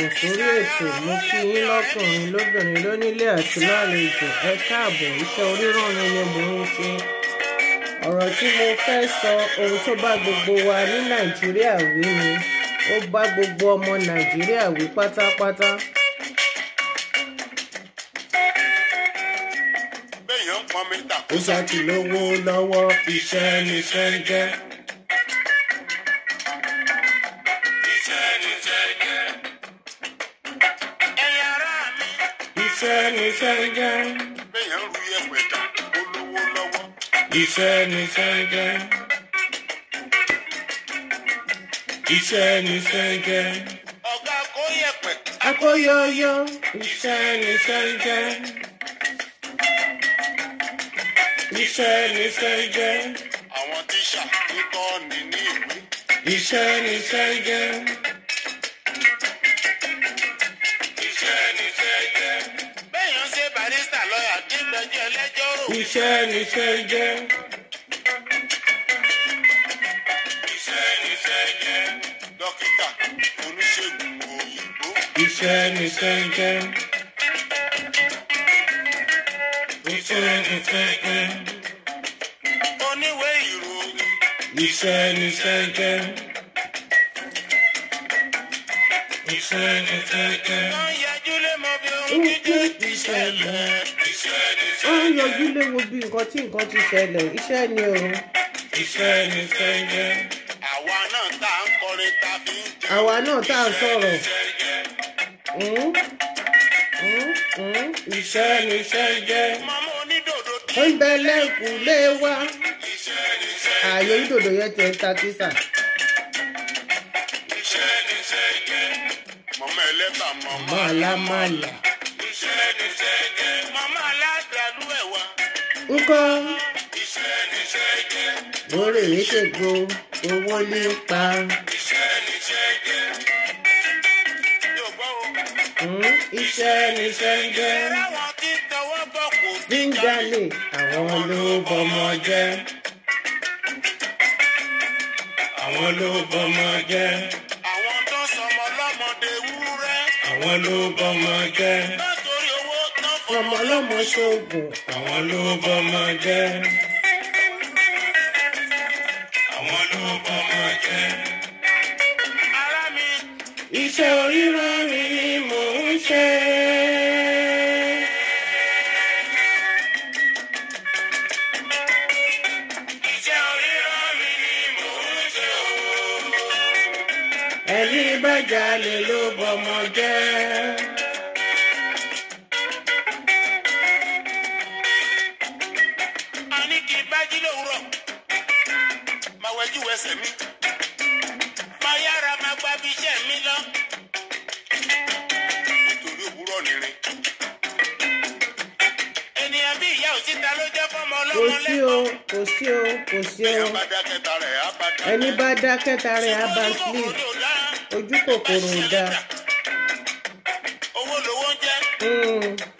káàbọ̀ sórí ètò mú kí yín lọ́kùnrin lóbìnrin lónílé àti lálejò ẹ káàbọ̀ iṣẹ́ ni mò ń ṣe tí mo fẹ́ sọ ohun tó bá gbogbo wa ní nàìjíríà wí ni ó bá gbogbo ọmọ nàìjíríà wí pátápátá. ó ṣàkìlówó lọ́wọ́ iṣẹ́ níṣẹ́ ń jẹ́. He said, he said again. He said, he said again. Akoyo yo, he said, he said again. He said, he said He said, he said again. iṣẹ́ níṣẹ́ jẹ́. iṣẹ́ níṣẹ́ jẹ́ dókítà oníṣègùn òyìnbó. iṣẹ́ níṣẹ́ jẹ́. iṣẹ́ níṣẹ́ jẹ́. oníwèé ìròyìn. iṣẹ́ níṣẹ́ jẹ́. iṣẹ́ níṣẹ́ jẹ́. nǹkan tí nǹkan ti ṣẹlẹ̀ iṣẹ́ ni o. iṣẹ́ ni sẹ́yẹ. àwa náà tá à ń kọrin tàbí ń jẹun. àwa náà tá à ń sọ̀rọ̀. iṣẹ́ ni sẹ́yẹ. Mm. Mm, mm. màmá onídòdó tí. ń bẹ lẹ́kùnlé wa. iṣẹ́ ni sẹ́yẹ. ààyè onídòdó yẹn ti ń ta tísà. iṣẹ́ ni sẹ́yẹ. mọ̀mọ́ ẹlẹ́bà mọ̀mọ́ àlámàlà. iṣẹ́ ni sẹ́yẹ kọ́. Oore mi ṣègbò owó ní pa. Hmm, iṣẹ́ níṣẹ́ ń jẹ́. Bíngálì àwọn ló bọmọ jẹ́. Àwọn ló bọmọ jẹ́. Àwọn tó sọmọ lọ́mọdé wúrẹ́. Àwọn ló bọmọ jẹ́ ọmọ ọlọ́mọ ṣoògùn. àwọn ló bọ́mọ jẹ́. àwọn ló bọ́mọ jẹ́. ara mi. iṣẹ́ oríran mi ni mò ń ṣe. ẹni bá jalè ló bọ́mọ jẹ́. ẹsẹ̀ mi. Má yára máa gba bí iṣẹ́ mi lọ. Nítorí òwúrọ̀ nìrin. Ènìyàn bí ìyá òsíta ló jẹ́ fọ́mọ ọlọ́mọ lẹ́kọ̀ọ́. Kò sí o, kò sí o, kò sí o. Ẹni bá dá kẹta rẹ̀ á bá sleep. Ojú kòkòrò ò dáa. Owó lowó ń jẹ́. Hmm.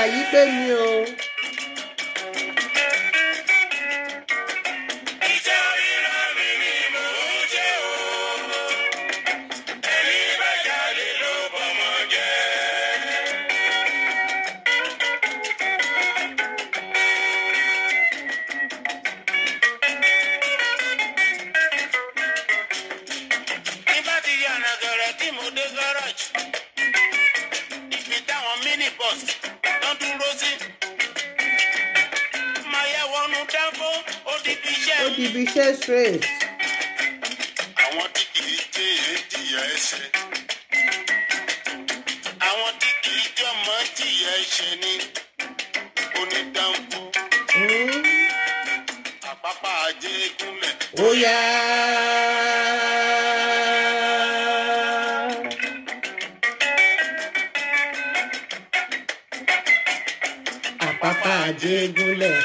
àlàyé gbé mi o. ó di ibi iṣẹ́ straight. àwọn tí kì í dé èdìyà ẹsẹ̀ àwọn tí kì í jọmọ jìyà ẹsẹ̀ ni onídàmbù hmm? àpápá ajé gúnlẹ̀. ó yá. àpápá ajé gúnlẹ̀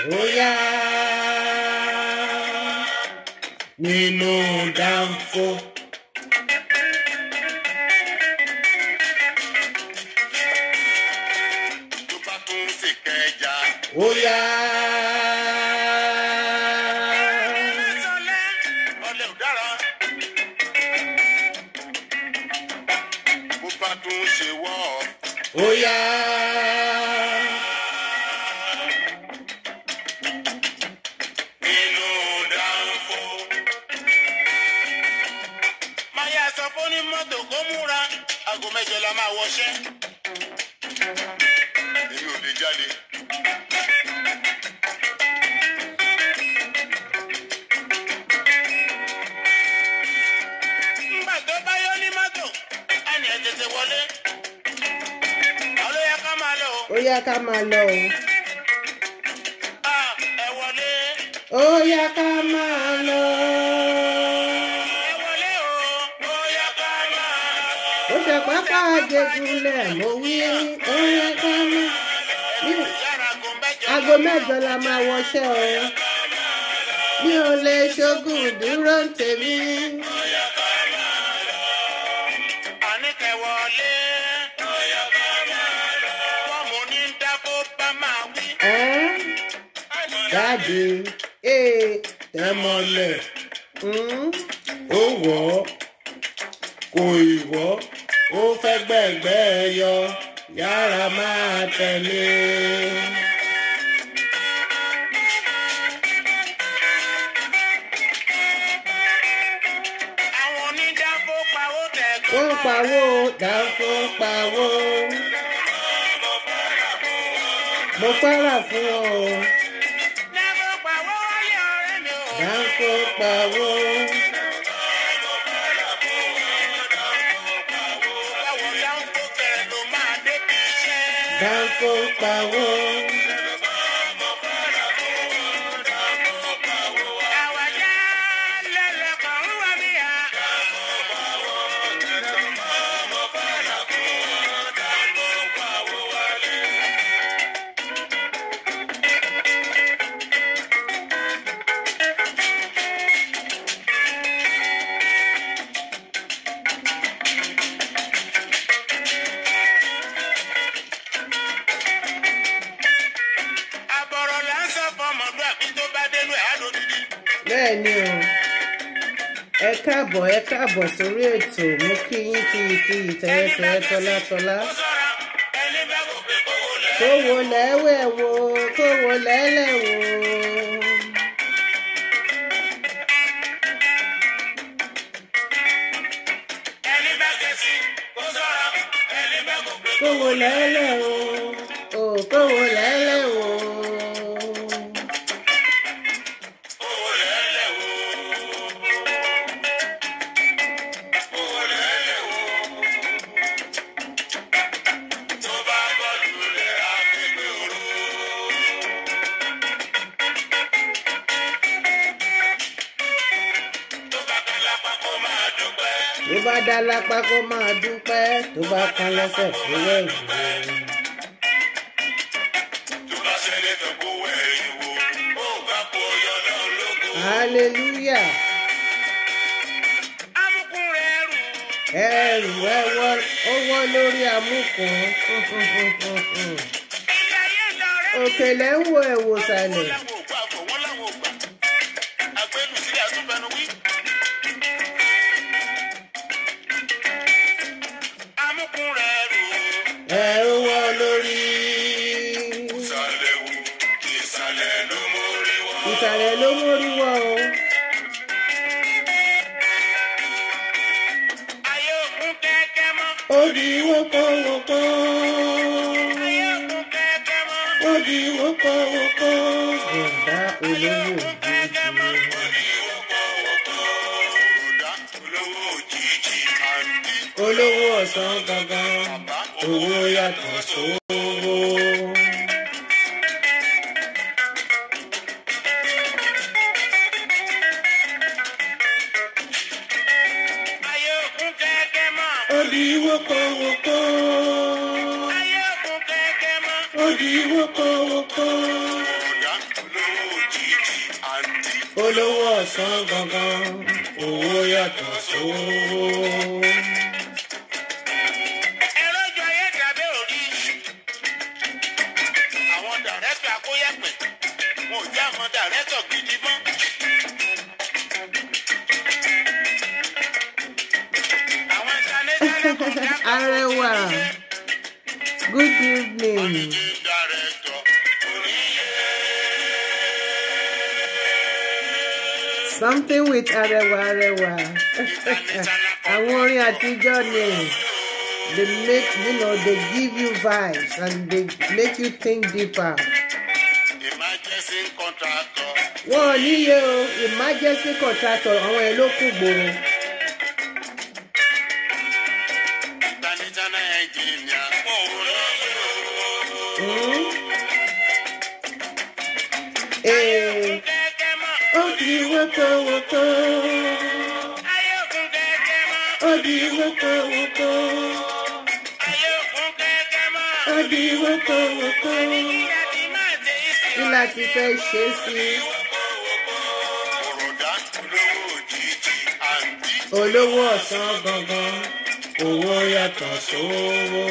me no downfall. mẹ́jọ la máa wọṣẹ́ o mi ò lè ṣogun dúró ń tèmi. jáde tẹmọlẹ hmm? ó wọ kò ìwọ ó fẹ́ gbẹ̀gbẹ́ yọ yára máa tẹ̀lé. pẹ́ rà fún ọ o. Dáńkó pawó. Dáńkó pawó. bẹ́ẹ̀ ni o ẹ káàbọ̀ ẹ káàbọ̀ sórí ètò mo kí yín ti ti ìtẹ̀yẹsẹ̀ tọ́látọ́lá tó wo lẹ́wẹ̀ wo tó wo lẹ́lẹ̀ wo. kó wo lẹ́lẹ̀ o kó wo lẹ́lẹ̀ o. apá kó máa dúpẹ́ tó bá kán lẹ́sẹ̀ kó wẹ̀ ìwò. hallelujah. ẹrù ẹwọ ó wọ́ lórí amúkùn. òkèlè ń wo ẹ̀wòsàlẹ̀. with arẹwà arẹwà àwọn orin àtijọ́ ni they make you know they give you vibes and they make you think deeper. emergency contractor. wọ́n ò níye o emergency contractor àwọn ẹ̀ ló kù gbòòrò. wọ́pọ̀ wọ́pọ̀. Ayọ̀kùn kẹ̀kẹ́ mọ́. Ó di wọ́pọ̀ wọ́pọ̀. Ayọ̀kùn kẹ̀kẹ́ mọ́. Ó di wọ́pọ̀ wọ́pọ̀. Kí la ti fẹ́ ṣe sí Olówó ọ̀sán gangan, owó yàtọ̀ sówó.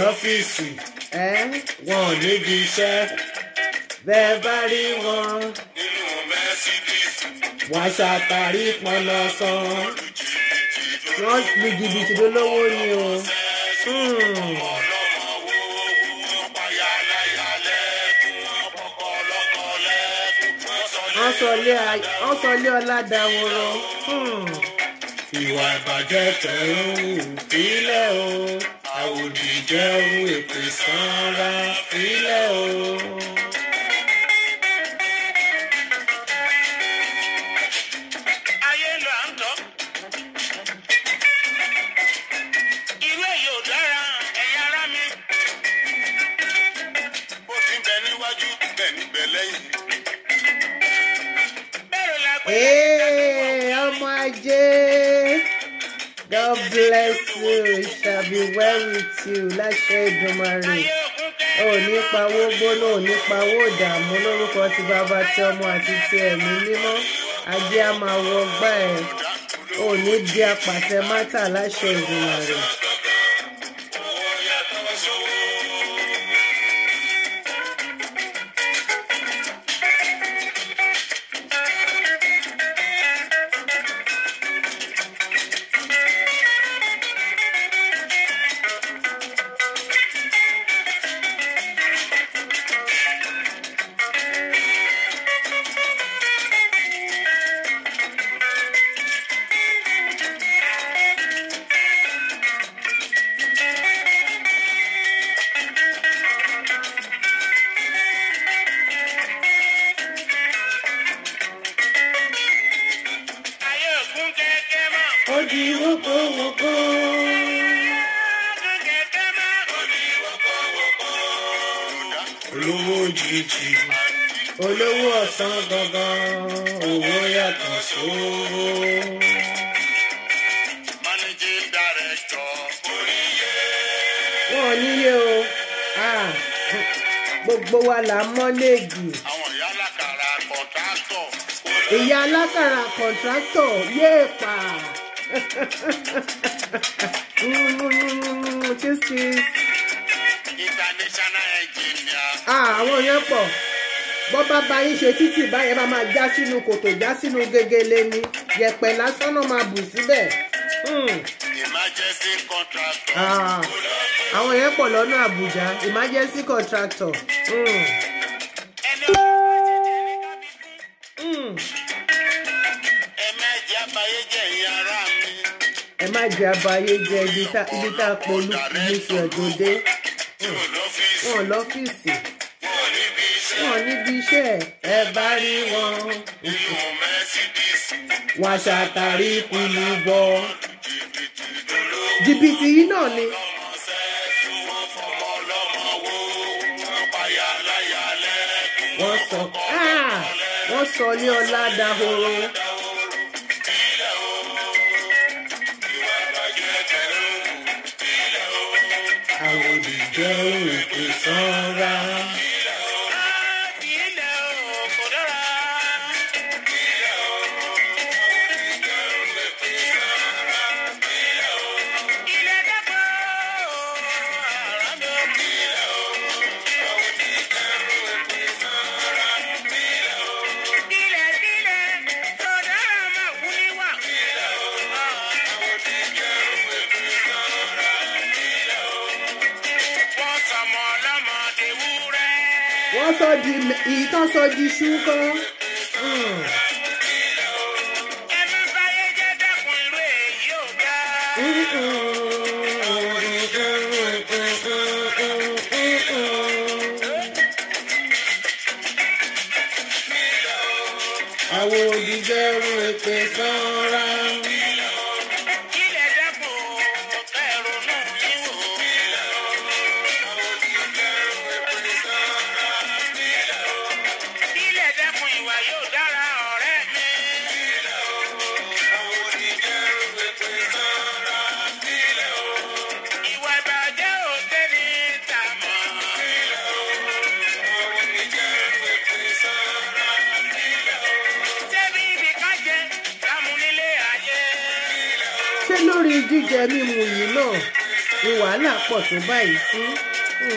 lọ́fíìsì wọn ò níbi iṣẹ́ bẹ́ẹ̀ bá rí wọn nínú mẹ́sídíìsì wọ́n ṣàtàrí pọnlọ sàn wọ́n lu jìbìtì lólówó ni o. Hmm. wọ́n sọ ilé ọlá dàwọ̀rọ̀. Hmm. ìwà ìbàjẹ́ tẹ̀ ń wù fílẹ̀ o àwòdìjẹ́ òun èpè sanra ilẹ̀ o. God bless you. It shall be well with you. Láṣẹ Èdùmàrè. O ní pawó gbóná, o ní pawó ìdààmú lórúkọ ti bàbá ti ọmọ àti ti ẹ̀mí mímọ́. Ajé a máa wọ ọgbà ẹ̀. O ní di apàtẹ mátà láṣẹ Èdùmàrè. olówó jìjì olówó ọ̀sán gangan owó yàtọ̀ sówó. managing director oníye. wọn ò níye o gbogbo wa là ń mọ́ léègì. àwọn ìyá alákàrà kọ̀ǹtráktọ̀. ìyá alákàrà kọ̀ǹtráktọ̀ yéè pa. Kiss, kiss. Ah, àwọn yẹn pọ̀ bọ́ bá ba yín ṣe títì báyẹn máa máa já sínú kòtò já sínú gegele ni yẹ̀pẹ̀ lásán náà máa bù síbẹ̀. Hmm. emergency contractor. Ah, àwọn yẹn pọ̀ lọ́nà Àbújá emergency contractor. Mm. Mm. ẹ má jẹ abayé jẹ ibi tá a polú ní ìṣòro dé wọn lọ́fíìsì. Hmm, wọn níbi iṣẹ́ ẹ bá rí wọn. wọn ṣàtàrí kùlù bọ. jìbìtì yìí náà ni. wọ́n sọ ah, wọ́n sọ ní ọlá dahoro. àwọn olùjẹ́ òkè sanra. ìtọ́sọ́ di ṣúkọ́. Hmm. jíjẹ mímu yìí náà ni wàhálà pọ̀ tó báyìí fún. Hmm.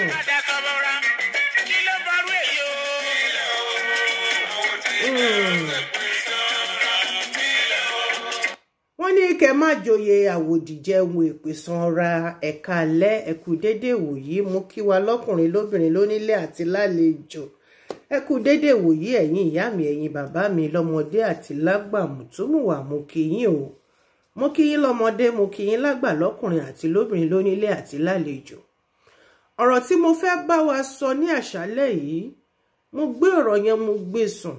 Hmm. wọ́n ní kẹ́ má joyè àwòdìjẹ ohun ìpèsàn ọ̀ra ẹ̀ka alẹ́ ẹ̀kú déédéé wòyí mú kí wa lọ́kùnrin lóbìnrin lónílé àti lálejò ẹ déédéé wòyí ẹ̀yin ìyá mi ẹ̀yin bàbá mi lọ́mọdé àti lágbàmù tó mú wà mú kí yín o mo kí yín lọ́mọdé mo kí yín lágbà lọ́kùnrin àti lóbìnrin lónílé àti lálejò ọ̀rọ̀ tí mo fẹ́ bá wa sọ ní àṣálẹ́ yìí mo gbé ọ̀rọ̀ yẹn mo gbé e sùn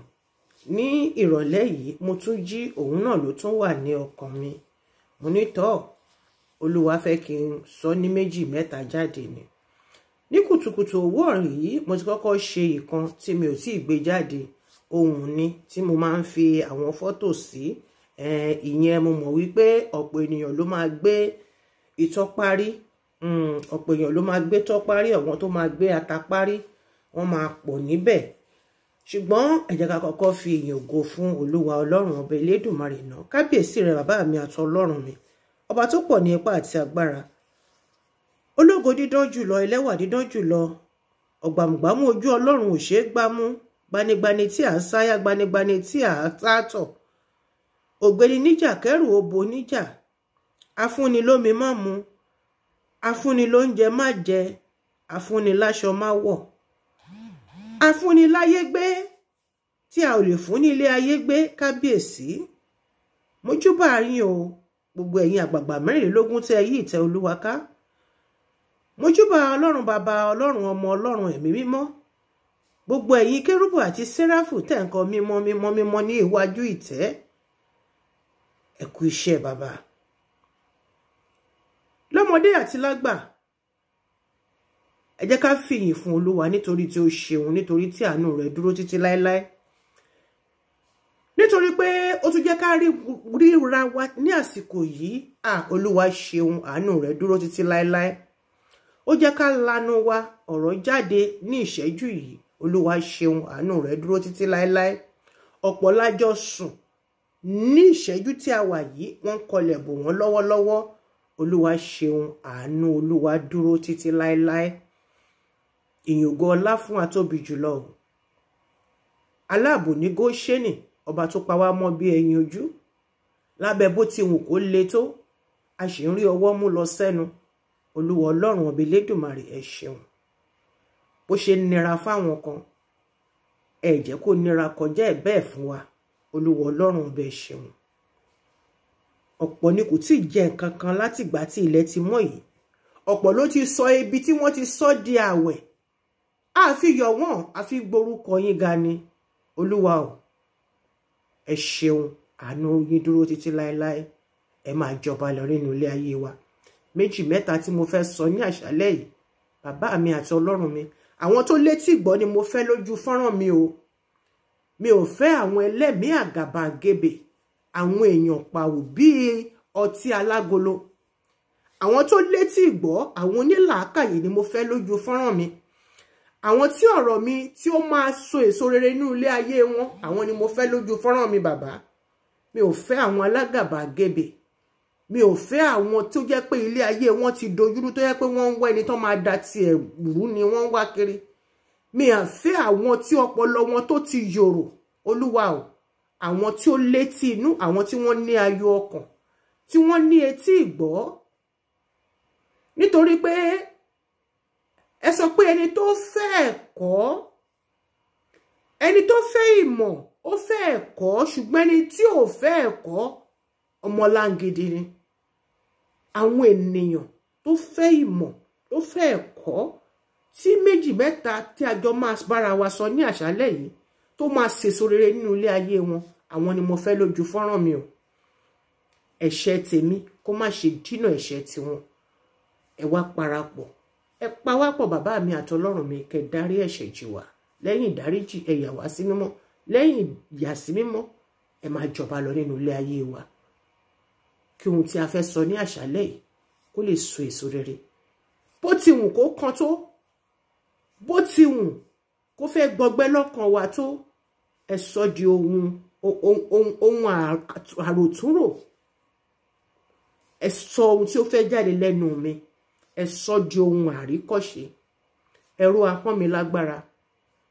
ní ìrọ̀lẹ́ yìí mo tún jí òun náà ló tún wà ní ọkàn mi mo ní tọ́ olúwa fẹ́ kí n sọ ní méjì mẹ́ta jáde ni ní kùtùkùtù òwúrọ̀ yìí mo ti kọ́kọ́ ṣe ìkan tí mi ò tí ì gbé jáde ohun ni tí mo máa ń fi àwọn fọ́tò sí si ìyẹn mo mọ̀ wípé ọ̀pọ̀ ènìyàn ló máa gbé ìtọ́parí hmm, ọ̀pọ̀ èèyàn ló máa gbé tọ́parí àwọn tó máa gbé atapárí wọ́n máa pọ̀ níbẹ̀ ṣùgbọ́n ẹ jẹ́ ká kọ́kọ́ fi ìyìn ògo fún olúwa ọlọ́run ọba elédùnmarè náà kábíyèsí rẹ bàbá mi àti ọlọ́run mi ọba tó pọ̀ ní ipá àti agbára ológo dídán jùlọ ẹlẹ́wà dídán jùlọ ọ̀gbàmùgbàmù ojú ọlọ́run ò ṣeé gbámú gbanigbani tí à ń sáyà gbanigbani tí à ń tààtọ̀ ògbéni níjà kẹrù obo níjà afúnni lómi má mu afúnni lóúnjẹ má jẹ afúnni láṣọ má wọ̀ afúnni láyé gbé tí a ò lè fún ní ilé ayé gbé kábíyèsí mojúbà yín o gbogbo ẹ̀yin àgbààgbà mẹ́rìnlélógún tẹ́ yí ìtẹ́ olúwa ká mojúbà ọlọ́run bàbá ọlọ́run ọmọ ọlọ́run ẹ̀mí mímọ́ gbogbo ẹ̀yin kérúbù àti séráfù tẹ̀ ń kọ mímọ́ ní iwájú ìtẹ́ ẹ kú iṣẹ́ bàbá lọ́mọdé àti lágbà ẹ jẹ́ ká fìyìn fún olúwa nítorí tí ó ṣeun nítorí tí àánú rẹ̀ dúró títí láéláé nítorí pé ó tún jẹ́ ká ríra wa ní àsìkò yìí à olúwa ṣeun àánú rẹ̀ dúró títí láéláé ó jẹ́ ká lanu wa ọ̀rọ̀ jáde ní ìṣẹ́jú yìí olúwa ṣeun àánú rẹ̀ dúró títí láéláé ọ̀pọ̀ lájọ sùn ní ìṣẹ́jú tí a wà yìí wọ́n kọlẹ̀ bò wọ́n lọ́wọ́lọ́wọ́ olúwa ṣeun àánú olúwa dúró títí láéláé ìyògo ọlá fún atóbi jùlọ o aláàbò ní góṣẹ́nì ọba tó pa wá mọ́ bí ẹyin ojú lábẹ́ bó ti wù kó le tó a sì ń rí ọwọ́ mú lọ sẹ́nu olúwa ọlọ́run ọba elédùnmarè ẹ ṣeun bó ṣe nira fáwọn kan ẹ jẹ́ nira kọjá ẹ̀ bẹ́ẹ̀ fún wa olúwa ọlọ́run ọbẹ ṣeun ọ̀pọ̀ ni kò tí ì jẹ nǹkan kan látìgbà tí ilẹ̀ ti mọ́ yìí ọ̀pọ̀ ló ti sọ ibi tí wọ́n ti sọ di àwẹ̀ àfi yọ̀ wọ́n àfi gborúkọ yín ga ni olúwa o ẹ ṣeun àánú yín dúró títí láéláé ẹ máa jọba lọ nínú ilé ayé wa méjì mẹ́ta tí mo fẹ́ sọ ní àṣálẹ́ yìí bàbá mi àti ọlọ́run mi àwọn tó létí gbọ́ ni mo fẹ́ lójú fọ́nrán mi o mi ò fẹ́ àwọn ẹlẹ́mìí àgàbàgebè àwọn èèyàn pàwò bíi ọtí alágolo àwọn tó létí ìgbọ́ àwọn onílàákàyè ni mo fẹ́ lójú fọ́nrán mi àwọn tí ọ̀rọ̀ mi tí ó máa so èso rere nínú ilé ayé wọn àwọn ni mo fẹ́ lójú fọ́nrán mi bàbá mi ò fẹ́ àwọn alágàbàgebè mi ò fẹ́ àwọn tó jẹ́ pé ilé ayé wọn ti dojúrú tó jẹ́ pé wọ́n ń wá ẹni tó máa da tiẹ̀ rú ni wọ́n wá kiri mi à ń fẹ́ àwọn tí ọpọlọ wọn tó ti yòrò olúwa o àwọn tí ó létí inú àwọn tí wọ́n ní ayọ̀ ọkàn tí wọ́n ní etí ìgbọ́ nítorí pé ẹ sọ pé ẹni tó fẹ́ ẹ̀kọ́ ẹni tó fẹ́ ìmọ̀ ó fẹ́ ẹ̀kọ́ ṣùgbọ́n ẹni tí ò fẹ́ ẹ̀kọ́ ọmọláǹgidi ni àwọn ènìyàn tó fẹ́ ìmọ̀ tó fẹ́ ẹ̀kọ́ tí méjì mẹ́ta tí a jọ máa bára wa sọ ní àṣálẹ́ yìí tó máa sèso rere nínú ilé ayé wọn àwọn ni mo fẹ́ lójú fọ́nrán mi o ẹ̀ṣẹ̀ tèmi kó má ṣe dínà ẹ̀ṣẹ̀ tiwọn ẹ wá parapọ̀ ẹ pawápọ̀ bàbá mi àtọlọ́run mi kẹ́ dárí ẹ̀ṣẹ̀ jì wá lẹ́yìn ìdáríjì ẹ yà wá sí mímọ́ lẹ́yìn ìyà sí mímọ́ ẹ máa jọba lọ nínú ilé ayé wa kí ohun tí a fẹ́ sọ ní àṣálẹ́ yìí kó lè so èso rere bó ti wù kó kan tó bó ti wù kó fẹ́ gbọgbẹ́ lọ́kàn wa tó ẹ sọ di ohun ohun àròtúnrò ẹ sọ ohun tí ó fẹ́ jáde lẹ́nu mi ẹ sọ di ohun àríkọ́ṣe ẹ̀rọ ahọ́n mi lágbára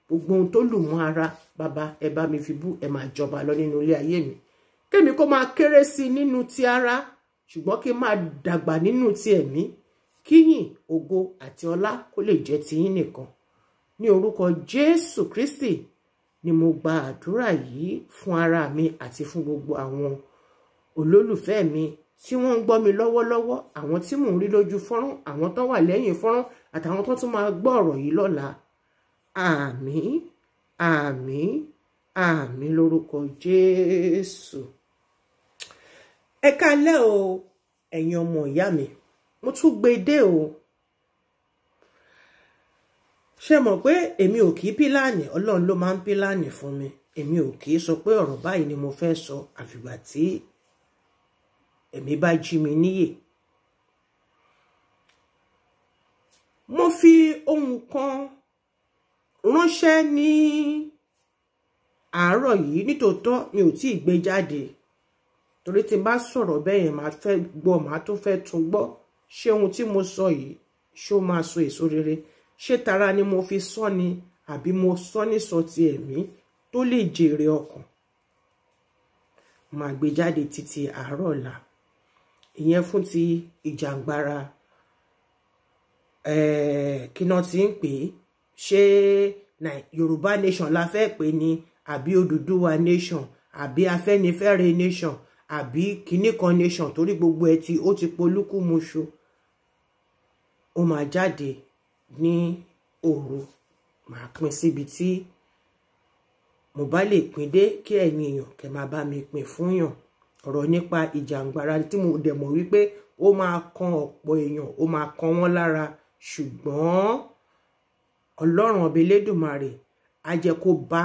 gbogbo ohun tó lù mọ́ ara bàbá ẹ bá mi fi bú ẹ máa jọba lọ nínú ilé ayé mi kémi kó máa kéré sí i nínú ti ara ṣùgbọ́n kí n máa dàgbà nínú ti ẹ̀mí kíyìn ògo àti ọlá kó lè jẹ́ tiyín nìkan ní orúkọ Jésù Kristi ni mo gba àdúrà yìí fún ara mi àti fún gbogbo àwọn olólùfẹ́ mi tí wọ́n ń gbọ́ mi lọ́wọ́lọ́wọ́ àwọn tí mò ń rí lójú fọ́nrán àwọn tó wà lẹ́yìn fọ́nrán àtàwọn tó tún máa gbọ́ ọ̀rọ̀ yìí lọ́la àmín àmín àmín lórúkọ Jésù ẹ kálẹ́ o ẹ̀yin ọmọ ìyá mi mo tún gbé dé o ṣe mọ̀ pé èmi ò kì í pílánì ọlọ́run ló máa ń pílánì fún mi èmi ò kì í sọ pé ọ̀rọ̀ báyìí ni mo fẹ́ sọ àfìgbà tí èmi bá jí mi níyè mo fi ohun kan ránṣẹ́ ní àárọ̀ yìí nítòótọ́ mi ò tí ì gbé jáde torí tí n bá sọ̀rọ̀ bẹ́ẹ̀ yẹn máa fẹ́ gbọ́ máa tó fẹ́ tún gbọ́ ṣé ohun tí mo sọ yìí ṣé ó máa so èso rere. So ṣé tara ni mo fi sọ ni àbí mo sọ nìsọ ti ẹ̀mí tó lè jèrè ọkàn máa gbé jáde títí àárọ̀ ọ̀la ìyẹn fún ti ìjàngbara kí náà ti ń pè ṣé Yorùbá nation la fẹ́ pè ní àbí Odùduwà nation àbí Afẹ́nifẹ́re nation àbí kinní nation torí gbogbo ẹ ti ó ti polúkúmuṣu ó máa jáde ní òru màá pín síbi tí mo bá lè pín dé kí ẹ̀yin èèyàn kẹ́ máa bá mi pín fún yàn ọ̀rọ̀ nípa ìjàǹgbara tí mo dẹ̀ mọ̀ wípé ó máa kan ọ̀pọ̀ èèyàn ó máa kan wọ́n lára ṣùgbọ́n ọlọ́run ọba elédùnmarè á jẹ́ kó bá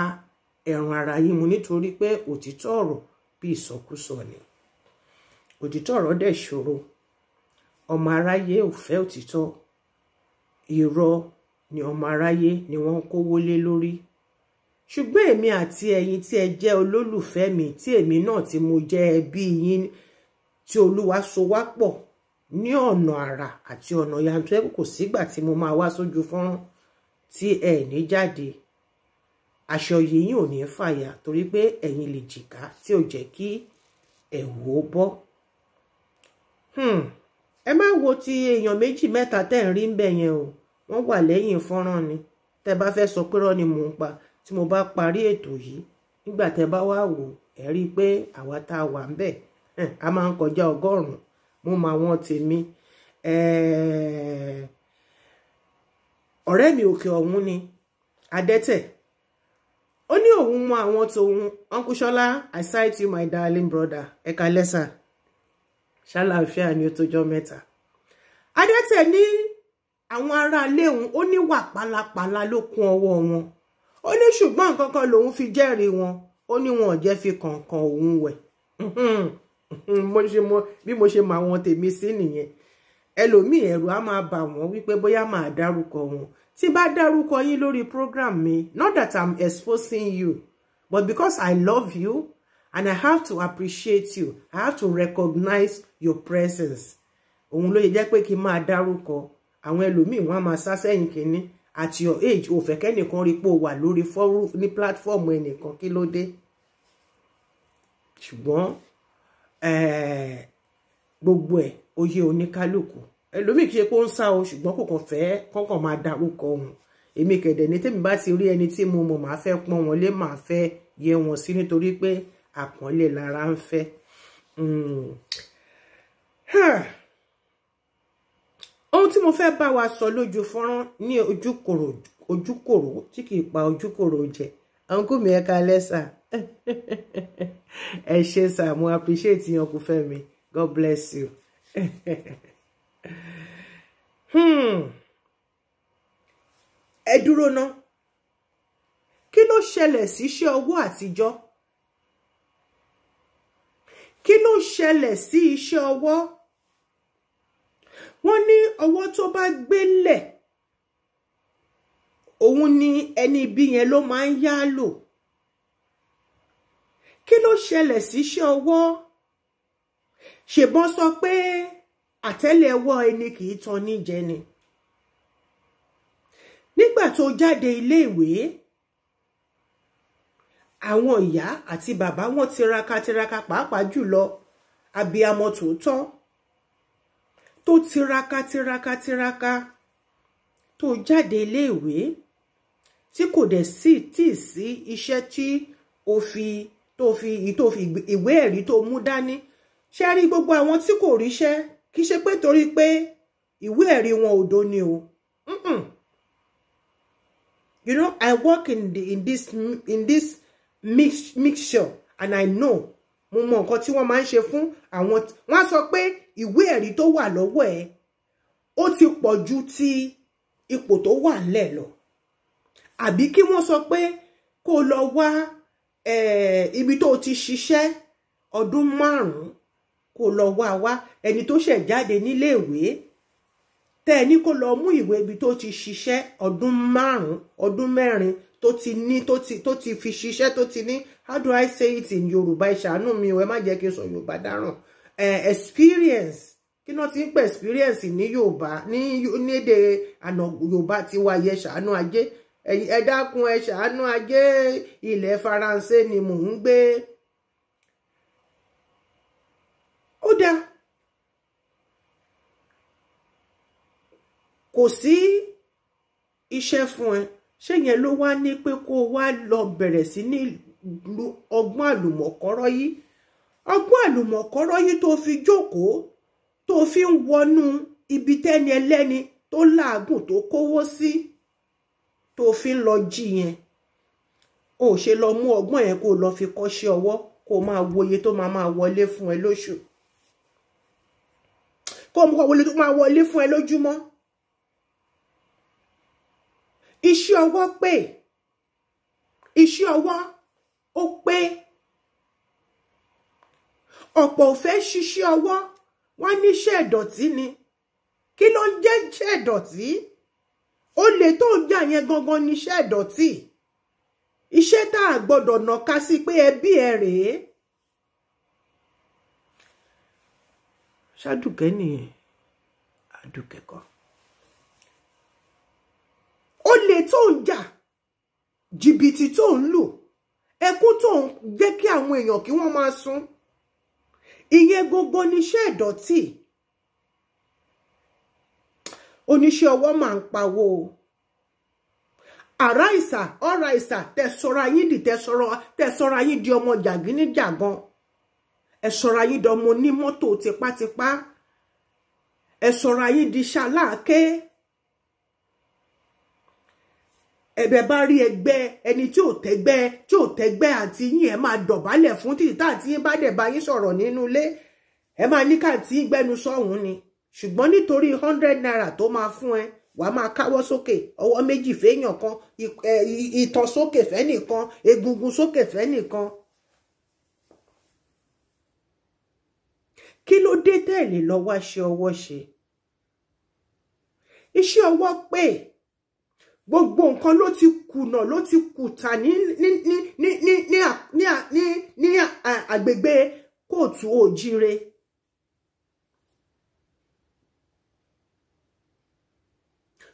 ẹran ara yín mu nítorí pé òtítọ́ ọ̀rọ̀ bí ìsọkúsọ ni òtítọ́ ọ̀rọ̀ dẹ̀ ṣòro ọmọ aráyé ò fẹ́ òtítọ́ irọ́ ni ọmọ aráyé ni wọ́n ń kówó lé lórí ṣùgbọ́n èmi àti ẹ̀yin tí ẹ jẹ́ olólùfẹ́ mi tí èmi náà tí mo jẹ́ ẹbí yín tí olúwa so wá pọ̀ ní ọ̀nà àrà àti ọ̀nà yantúrẹ́ kò sígbà tí mo máa wá sójú fọ́nrán tí ẹ ní jáde aṣọ yìnyín ò ní fàyà torí pé ẹ̀yin lè jìká tí ò jẹ́ kí ẹ̀wù ó bọ́. Hmm, ẹ má wo ti èèyàn méjì mẹ́ta tẹ́ ń rí ń bẹ̀ yẹn o wọ́n wà lẹ́yìn fọ́nrán ni tẹ́ bá fẹ́ sọ pé rọ́ ni mò ń pa tí mo bá parí ètò yìí nígbà tẹ́ bá wá wò ẹ rí i pé àwa tá a wà ń bẹ̀ a máa ń kọjá ọgọ́rùn-ún mo mọ àwọn tèmi ọ̀rẹ́ mi òkè ọ̀hún ni adẹ́tẹ̀ ó ní òun mọ àwọn tòun uncle Ṣọlá I cite you my darling brother ẹ̀ka lẹ́sà ṣàlàáfíà ni ó tó jọ́ mẹ́ta adẹ́tẹ̀ ní àwọn aráalé òun ó níwà pálapàla ló kún ọwọ́ wọn ó ní ṣùgbọ́n nǹkan kan lòun fi jẹ́rìí wọn ó ní wọn ò jẹ́ fi kọ̀ọ̀kan òun wẹ̀ bí mo ṣe mọ àwọn tèmi sí nìyẹn ẹlòmíì ẹ̀rù á máa bà wọ́n wípé bóyá máa dárúkọ wọn tí bá dárúkọ yín lórí program mi not that i'm exposing you but because i love you and i have to appreciate you i have to recognize your presence òun ló yẹ jẹ́ pé kí n máa dárúkọ àwọn ẹlòmíì wọn á máa sá sẹ́yìn kínní at your age ò fẹ́ kẹ́nìkan rí pé o wà lórí ní platform ẹnìkan kí ló dé ṣùgbọ́n gbogbo ẹ̀ oyè oníkálukú ẹlòmíì kì í ṣe pé ó ń sá o ṣùgbọ́n kò kàn fẹ́ kọ́kàn máa dárúkọ òun èmi kẹ̀dẹ̀ ní tèmi bá ti rí ẹni tí mo mọ̀ máa fẹ́ pọ́n wọn lé máa fẹ́ yẹ wọn sí nítorí pé àpọ́nlé lára ń fẹ́. Hmm. Huh tí mo fẹ́ bá wa sọ lójú fọ́nrán ní ojúkòrò tí kì pa ojúkòrò jẹ uncle mi ẹ káalẹ́ ẹ ṣé sà mo appreciate yan kò fẹ́ mi god bless you. Hmm. ẹ dúró ná kí ló ṣẹlẹ̀ síṣẹ́ ọwọ́ àtijọ́ kí ló ṣẹlẹ̀ sí iṣẹ́ ọwọ́ wọ́n ní ọwọ́ tó bá gbélẹ̀ òun ni ẹni ibi yẹn ló máa ń yá lò kí ló ṣẹlẹ̀ síṣẹ́ ọwọ́ ṣèbọn sọ pé àtẹ́lẹ̀ ọwọ́ ẹni kì í tan níjẹ ni nígbà tó jáde iléèwé àwọn ìyá àti bàbá wọn tiraka tiraka pàápàá jùlọ abiyamọ tòótọ́ tó tiraka tiraka tiraka tó jáde iléèwé tí kò dẹ̀ sí tí sí iṣẹ́ tí o fi tó fi tó fi ìwé ẹ̀rí tó mú dání ṣe rí gbogbo àwọn tí kò ríṣẹ́ kì í ṣe pé torí pé ìwé ẹ̀rí wọn òdo ni o you know I work in, the, in this in this mix, mixture and I know mo mọ nǹkan tí wọ́n máa ń ṣe fún àwọn wọ́n á sọ pé ìwé ẹ̀rí tó wà lọ́wọ́ ẹ̀ ó ti pọ̀ ju ti ipò tó wà ńlẹ̀ lọ àbí kí wọ́n sọ pé kó lọ wá ibi tó ti ṣiṣẹ́ ọdún márùn-ún kó lọ wá wá ẹni tó ṣẹ̀ jáde níléèwé tẹ́ ẹ ní kó lọ mú ìwé ibi tó ti ṣiṣẹ́ ọdún márùn-ún ọdún mẹ́rin tó ti ní tó ti fi ṣiṣẹ́ tó ti ní how do I say it in Yoruba? I know me, where my má is on Yoruba. sọ experience You náà ti ń pẹ̀ experience ní Yorùbá ní èdè àná Yorùbá tiwa yẹ ṣàánú ajé ẹ dákun ẹ ṣàánú ajé I know ni mò ń gbé ó dáa kò sí iṣẹ́ fún ẹ ṣé yẹn wa ni ní pé kó wá lọ bẹ̀rẹ̀ sí ọgbọ́n àlùmọ̀kọ́rọ́ yìí ọgbọ́n àlùmọ̀kọ́rọ́ yìí tó fi jókòó tó fi ń wọnú ibi tẹ́ni ẹlẹ́ni tó láàgùn tó kówó sí tó fi ń lọ jí yẹn o ṣe lọ mú ọgbọ́n yẹn kó lọ fi kọ́ṣẹ́ ọwọ́ kó máa wo iye tó máa máa wọlé fún ẹ lóṣù kó mú wọlé tó máa wọlé fún ẹ lójúmọ́ iṣẹ́ ọwọ́ pé iṣẹ́ ọwọ́ ó pé ọ̀pọ̀ ò fẹ́ ṣiṣẹ́ ọwọ́ wọ́n níṣẹ́ ìdọ̀tí ni kí ló ń jẹ́ iṣẹ́ ìdọ̀tí ó lè tó ń jà yẹn gangan níṣẹ́ ìdọ̀tí iṣẹ́ tá a gbọ́dọ̀ nàka sí pé ẹbí ẹ rèé ṣàdùkẹ́ ni, àdùkẹ́ kọ́ ó lè tó ń jà jìbìtì tó ń lù ẹkún tó ń jẹ́ kí àwọn èèyàn kí wọ́n máa sun ìyẹn gbogbo níṣẹ́ ìdọ̀tí oníṣẹ́ ọwọ́ máa ń pawó o àráìsà ọ̀ráìsà tẹ̀sọ́ra yín di tẹ̀sọ́ra yín di ọmọ jàgínníjàgan ẹ̀sọ́ra yín di ọmọ onímọ́tò tipátipá ẹ̀sọ́ra yín di ṣaláàkẹ́ ẹ̀bẹ̀ bá eni ẹgbẹ́ ẹni tí ò tẹ́gbẹ́ tí ò tẹ́gbẹ́ àǹtí yín ẹ máa dọ̀bálẹ̀ fún títí tá àǹtí yín bá dẹ̀ bá yín sọ̀rọ̀ nínú ilé ẹ máa ní káàtì gbẹnu sọ̀hún ni ṣùgbọ́n nítorí hundred naira to ma fun ẹ wàá máa káwọ́ sókè ọwọ́ méjì fẹ́yàn kan ìtàn sókè fẹ́nìkan egungun sókè fẹ́nìkan. kí ló dé tẹ̀lé lọ́wọ́ ṣe ọwọ́ ṣe iṣẹ́ ọwọ́ pè é gbogbo nǹkan ló ti kùnà ló ti kùtà ní ní ní ní ní ní ní ní ní àgbègbè kóòtù òjíire.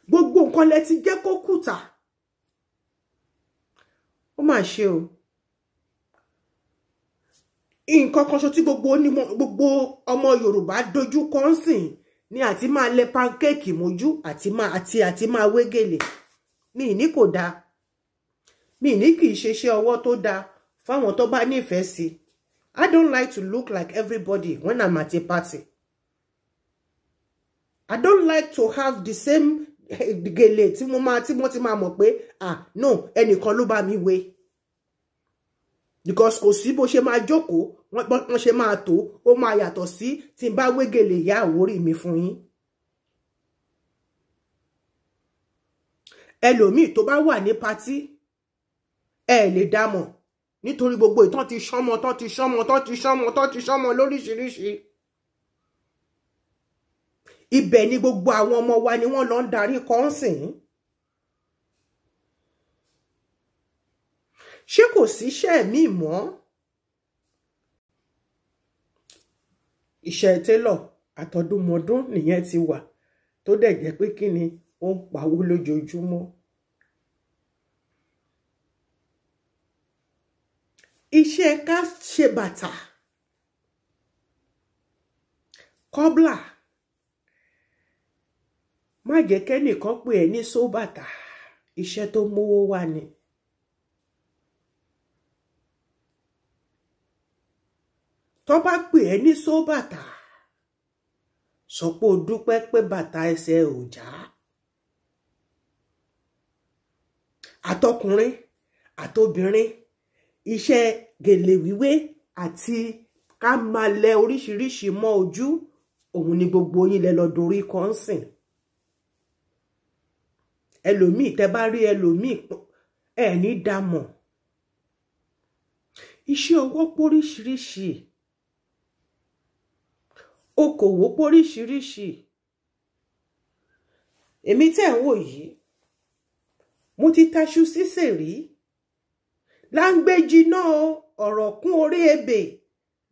gbogbo nǹkan lẹ ti jẹ́ kó kùtà ó mà ṣe o nǹkan kan ṣo tí gbogbo onímọ̀ gbogbo ọmọ Yorùbá dojú kọ ni àti máa lẹ pankéèkì mójú àti máa àti àti máa wégele mi ní kò dáa mi ní kì í ṣe iṣẹ́ ọwọ́ tó dáa fáwọn tó bá nífẹ̀ẹ́ sí i don't like to look like everybody when i'm at a party i don't like to have the same eh, gèlè tí mo máa tí mo ti máa mọ̀ pé ah no ẹnìkan ló bá mi wé because kò sí bó ṣe máa jókòó wọ́n ṣe máa tó ó máa yàtọ̀ sí tí n bá wé gèlè ìyá àwórì mi fún yín. ẹlòmíì tó bá wà ní patí ẹ lè dámọ̀ nítorí gbogbo ìtàn ti sánmọ tán ti sánmọ tán ti sánmọ tán ti sánmọ lóríṣiríṣi ibẹ̀ ni gbogbo àwọn ọmọ wa ni wọ́n lọ ń darí kọ́ńsìn ṣé kò síṣẹ́ mi mọ́ iṣẹ́ télọ̀ àtọdúnmọdún nìyẹn ti wà tó dẹ̀ jẹ́ pé kí ni ó ń pawó lójoojúmọ́. iṣẹ́ ká ṣe bàtà kọ́blà má jẹ́ kẹ́nìkan pè ẹ́ ní iṣẹ́ tó mówó wá ni. bá pè ẹ́ ní sọ àtọkùnrin àtobìnrin iṣẹ́ gèlè wíwé àti ká máa lẹ oríṣiríṣi mọ́ ojú òun ni gbogbo yín lẹ lọ dorí kan sìn ẹlòmíì tẹ bá rí ẹlòmíì ẹ ní dámọ̀ iṣẹ́ ọwọ́ póríṣiríṣi okòwò póríṣiríṣi èmi tẹ́ ń wò yìí mo ti taṣu sísè rí láńgbéjì náà ọ̀rọ̀ kún orí ebè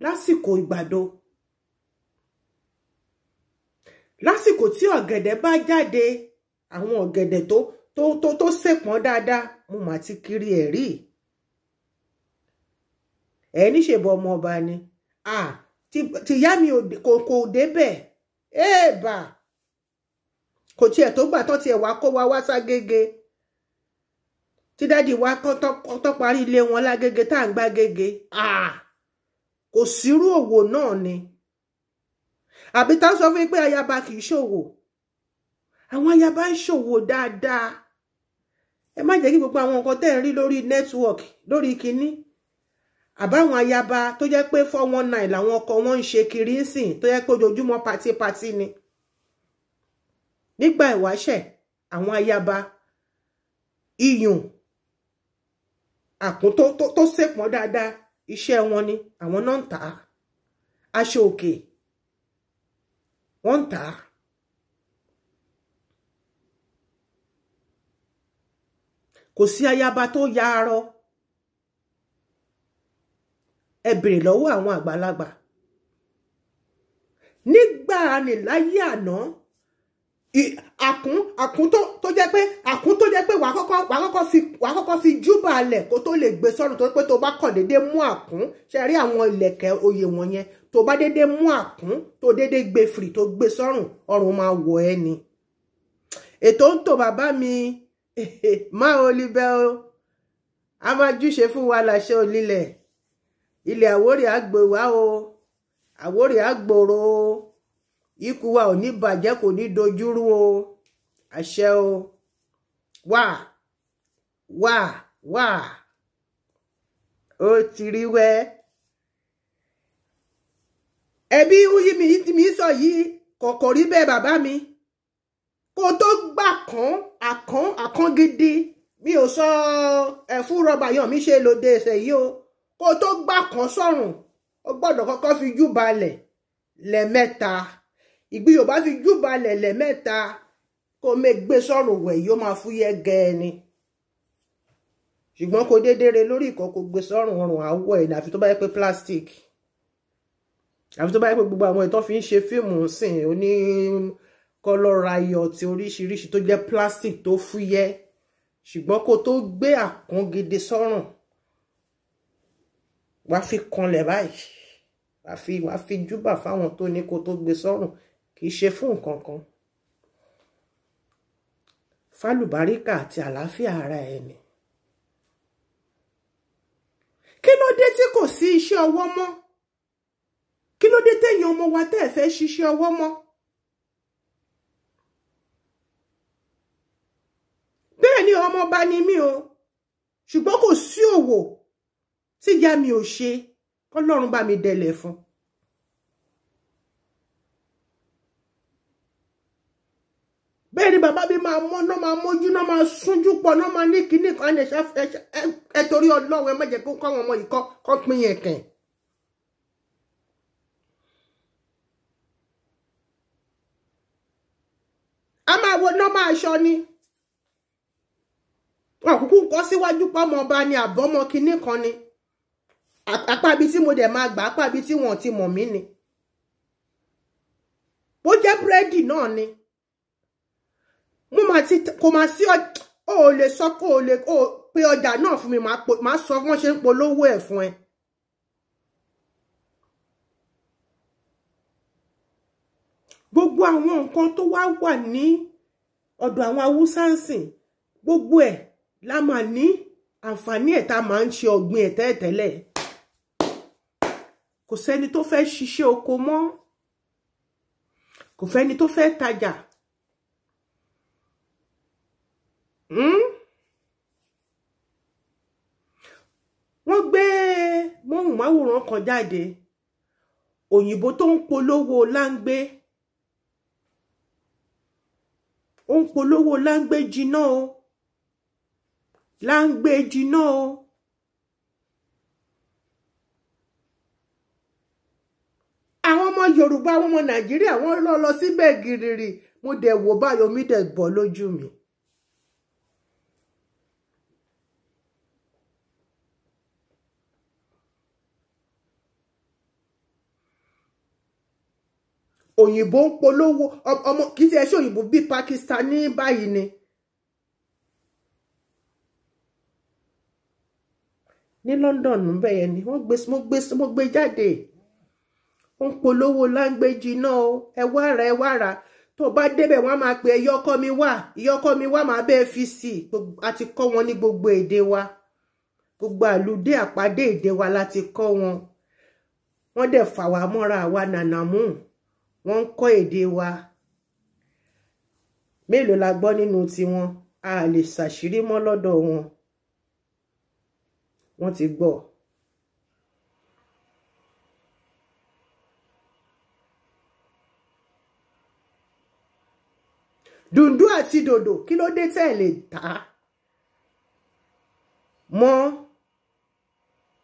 lásìkò ìgbàdo lásìkò tí ọ̀gẹ̀dẹ̀ bá jáde àwọn ọ̀gẹ̀dẹ̀ tó tó tó tó ṣèpọ́n dáadáa mo mà ti kiri ẹ̀ rí ẹ ní ṣèbọ ọmọ ọba ni tìyá mi kò débẹ̀ èèbà kò tiẹ̀ tó gbà tán tiẹ̀ wá kó wa wá ságége tí dádì wa tó parí ilé wọn lágége tá à ń gbágége kò sírú òwò náà ni àbí tá sọ fún pé ayaba kì í ṣòwò àwọn ayaba ń ṣòwò dáadáa ẹ má jẹ́ kí gbogbo àwọn nǹkan tẹ́ ń rí lórí network lórí kínní àbáwọn ayaba tó jẹ́ pé four one nine làwọn ọkọ wọn ń ṣe kiri sìn tó jẹ́ pé ojoojúmọ́ patipati ni nígbà ìwáṣẹ̀ àwọn ayaba iyùn àkún ah, tó tó tó sèpọn dáadáa iṣẹ́ wọn ni àwọn náà ń tà á aṣọ òkè wọ́n ń tà á. kò sí ayaba tó ya arọ ẹ bèrè lọ́wọ́ àwọn àgbàlagbà nígbà ni láyé àná àkún àkún tó jẹ́ pé àkún tó jẹ́ pé wàá kọ́kọ́ wàá kọ́kọ́ fi wàá kọ́kọ́ fi júbà alẹ̀ kó tó lè gbé sọ́run tó pé tó bá kàn déédéé mú àkún ṣe rí àwọn ìlẹ̀kẹ̀ oyè wọ̀nyẹn tó bá déédéé mú àkún tó déédéé gbé fìrì tó gbé sọ́run ọrùn máa wọ̀ ẹ́ ni. ètò ń tò bàbá mi máa olíbẹ́ o a máa júṣe fún wa láṣẹ olílẹ̀ ilẹ̀ àwórì àgbèwá o àwórì àgbòrò o ikú wa ò ní bàjẹ́ kò ní dojúrú o àṣẹ o wà wà wà ó ti rí wẹ́ ẹbí wúyí mi mi sọ yìí kọ̀kọ̀ rí bẹ́ẹ̀ bàbá mi kó tó gbà kán àkán àkán gidi mi ò sọ ẹ̀fún rọba yan mi ṣe lóde ẹsẹ̀ yìí o kó tó gbà kán sọ̀rùn ó gbọ́dọ̀ kọ́kọ́ fi jú balẹ̀ lẹ́ẹ̀mẹ́ta ìgbì yóò bá fi júbà lẹ̀lẹ̀ mẹ́ta kó mé gbé sọ̀rùn wẹ̀ yóò máa fúyẹ́ gẹ́ẹ́ ni ṣùgbọ́n kò déédéere lórí ìkọ́ kò gbé sọ́rùn ọrùn àwọ̀ ẹ̀ àfi tó bá yẹ pé plastic àfi tó bá yẹ pé gbogbo àwọn ìtọ́ fi ń ṣe fíìmù sìn oní kọlọ́ra iyọ̀ ti oríṣiríṣi tó jẹ́ plastic tó fúyẹ́ ṣùgbọ́n kò tó gbé àkàn sọ́rùn wàá fi kanlẹ̀ báyìí wàá fi júbà fáwọn tó ní kó tó gbé sọ́rùn kìí ṣe fún nǹkan kan fálùbáríkà àti àlàáfíà ara ẹni kí ló dé tí kò sí iṣẹ́ ọwọ́ mọ́ kí ló dé téèyàn ọmọ wa tẹ́ ẹ̀ fẹ́ ṣiṣẹ́ ọwọ́ mọ́ bẹ́ẹ̀ ni ọmọọba ni mí o ṣùgbọ́n kò sí òwò tí ìyá mi ò ṣe kọ́lọ́run bá mi dẹlẹ̀ fún un bẹ́ẹ̀ bàbá mi máa mọ́ náà máa mójú náà máa súnjú pọ̀ náà máa ní kinní kan ẹ torí ọlọ́run ẹ má jẹ́ kó kọ́ àwọn ọmọ yìí kọ́ kọ́ pín yẹn a máa wo náà máa aṣọ ni ọ̀kúkú kọ́ síwájú pọ́mọ ọba ni àbọ́mọ kinní kan ni apá ibi tí mo dẹ̀ máa gbà apá ibi tí wọ́n ti mọ̀ mí ni bó jẹ́ búrẹ́dì náà ni mo máa ti kò máa sí ọ ò lè sọ kó o lè kó o pé ọjà náà fún mi máa sọ fún ṣe ń polówó ẹ̀ fún ẹ. gbogbo àwọn nǹkan tó wá wà ní ọ̀dọ̀ àwọn haúsá gbogbo ẹ̀ la máa ní àǹfààní ẹ̀ tá a máa ń ṣe ọ̀gbìn ẹ̀ tẹ́ẹ̀tẹ́lẹ̀ kò sẹ́ni tó fẹ́ ṣiṣẹ́ oko mọ́ kò fẹ́ni tó fẹ́ tajà Hmm? wọ́n gbé móhùnmáwòrán kan jáde òyìnbó tó ń polówó láńgbé ó ń polówó láńgbé jiná o láńgbé jiná o àwọn ọmọ yorùbá àwọn ọmọ nàìjíríà wọ́n lọ lọ síbẹ̀ gìrìrì mo dẹ̀ wò báyọ̀ mi dẹ̀ bọ́ lójú mi. òyìnbó ń polówó ọmọ kì í ṣe ẹṣẹ òyìnbó bíi Pakistan ní báyìí ni ní London níbẹ̀ yẹn ni wọ́n gbé wọ́n gbé wọ́n gbé jáde wọ́n polówó láńgbéjì náà o ẹ wá ra ẹ wá ra tó bá débẹ̀ wọ́n á máa pe ìyọ́kọ́ mi wá ìyọ́kọ́ mi wá máa bẹ́ẹ̀ fi sí i àti kọ́ wọn ní gbogbo èdè wa gbogbo àlùdé àpàdé èdè wa láti kọ́ wọn wọ́n dẹ̀ fà wá mọ́ra àwa nànàmú wọ́n ń kọ́ èdè wa mélòó la gbọ́ nínú tiwọn a lè ṣàṣírí mọ́ lọ́dọ̀ wọn wọ́n ti gbọ́ dùndú àti dòdò kí ló dé tẹ́ lè tà á mọ́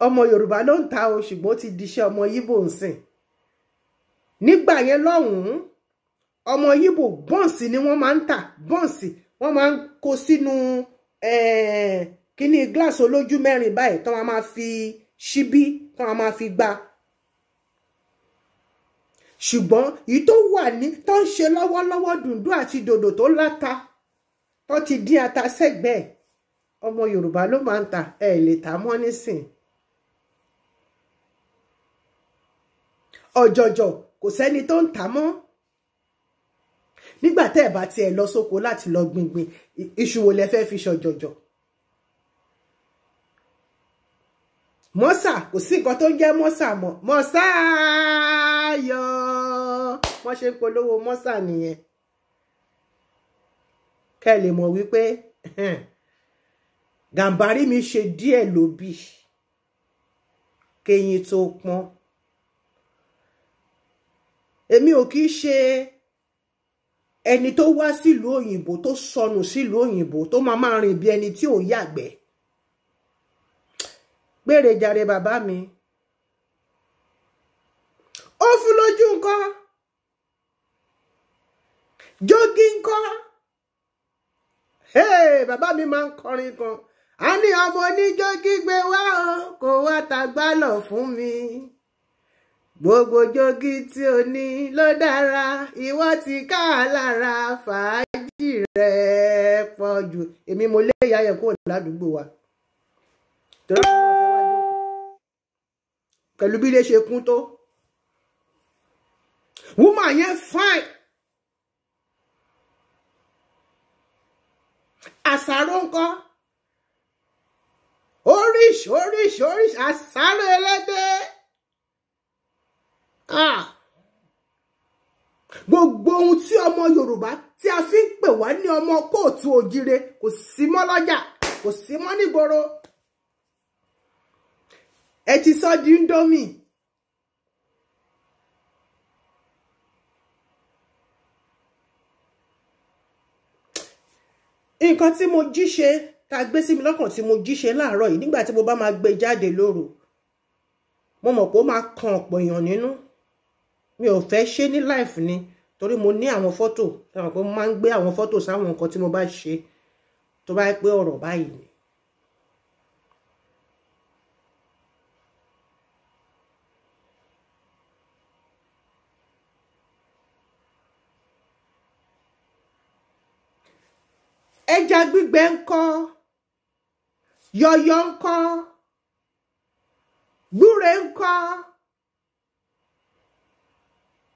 ọmọ Yorùbá ló ń ta o ṣùgbọ́n ó ti diṣẹ́ ọmọ Yíbò ń sìn nígbà yẹn lọ́hùn-ún ọmọ yíbò bọ́ǹsì ni wọ́n máa ń tà bọ́ǹsì wọ́n máa ń kó sínú kíní gíláàsì olójú mẹ́rin báyìí tán máa fi ṣíbí tán máa fi gba ṣùgbọ́n èyí tó wà ní tó ń ṣe lọ́wọ́lọ́wọ́ dùndún àti dòdò tó láta tó ti dín ata sẹ́gbẹ̀ẹ́ ọmọ Yorùbá ló máa ń ta ẹ lè tà mọ́ nísìn ọ̀jọ̀jọ̀ kò sẹ́ni tó ń tà mọ́ nígbà tẹ́ ẹ̀ bá tiẹ̀ lọ sóko láti lọ gbìngbìn iṣu wo lẹ fẹ́ fi ṣọjọjọ mọ́sà kò sí nǹkan tó ń jẹ́ mọ́sà mọ́ mọ́sà yọ wọ́n ṣe ń polówó mọ́sà nìyẹn kẹ́ ẹ lè mọ̀ wípé Gàǹbàrí mi ṣe díẹ̀ lóbì kéyìn tó pọ́n èmi ò kì í ṣe ẹni tó wá sílùú òyìnbó tó sọnù sílùú òyìnbó tó máa máa rìn bí ẹni tí ò yàgbẹ́ gbére jàre bàbá mi ó fún lójú nǹkan jogi nǹkan hey, bàbá mi máa ń kọrin kan a ní ọmọ oníjó kígbe wá o wá tàgbá lọ fún mi gbogbo jogi tí o ní ló dára ìwọ ti ká lára fàájì rẹ pọ̀ jù èmi mo lé ìyá yẹn kúrò ládùúgbò wa torí àwọn ọ̀fẹ́ wá pẹ̀lú bí ilé ṣe kún tó woman yẹn fine àṣàrò ńkọ́ oríṣi oríṣi oríṣi àṣàrò ẹlẹ́dẹ̀. Ah. gbogbo ohun tí ọmọ Yorùbá tí a fi ń pè wá ní ọmọ kóòtù òjire kò sí mọ́ lọ́jà kò sí mọ́ nígboro ẹ ti sọ di Indomie. nǹkan tí mo jíṣe tá gbé sí mi lọ́kàn tí mo jíṣe láàárọ̀ yìí nígbà tí mo bá máa gbé jáde lóru mo mọ̀ pé ó máa kan ọ̀pọ̀ èèyàn nínú mi ò fẹ́ ṣe ní life ni torí mo ní àwọn fọ́tò sáwọn pé mo máa ń gbé àwọn fọ́tò sáwọn nǹkan tí mo bá ṣe tó bá pé ọ̀rọ̀ báyìí ni. ẹja gbígbẹ ńkọ́ yọyọ ńkọ́ gbúre ńkọ́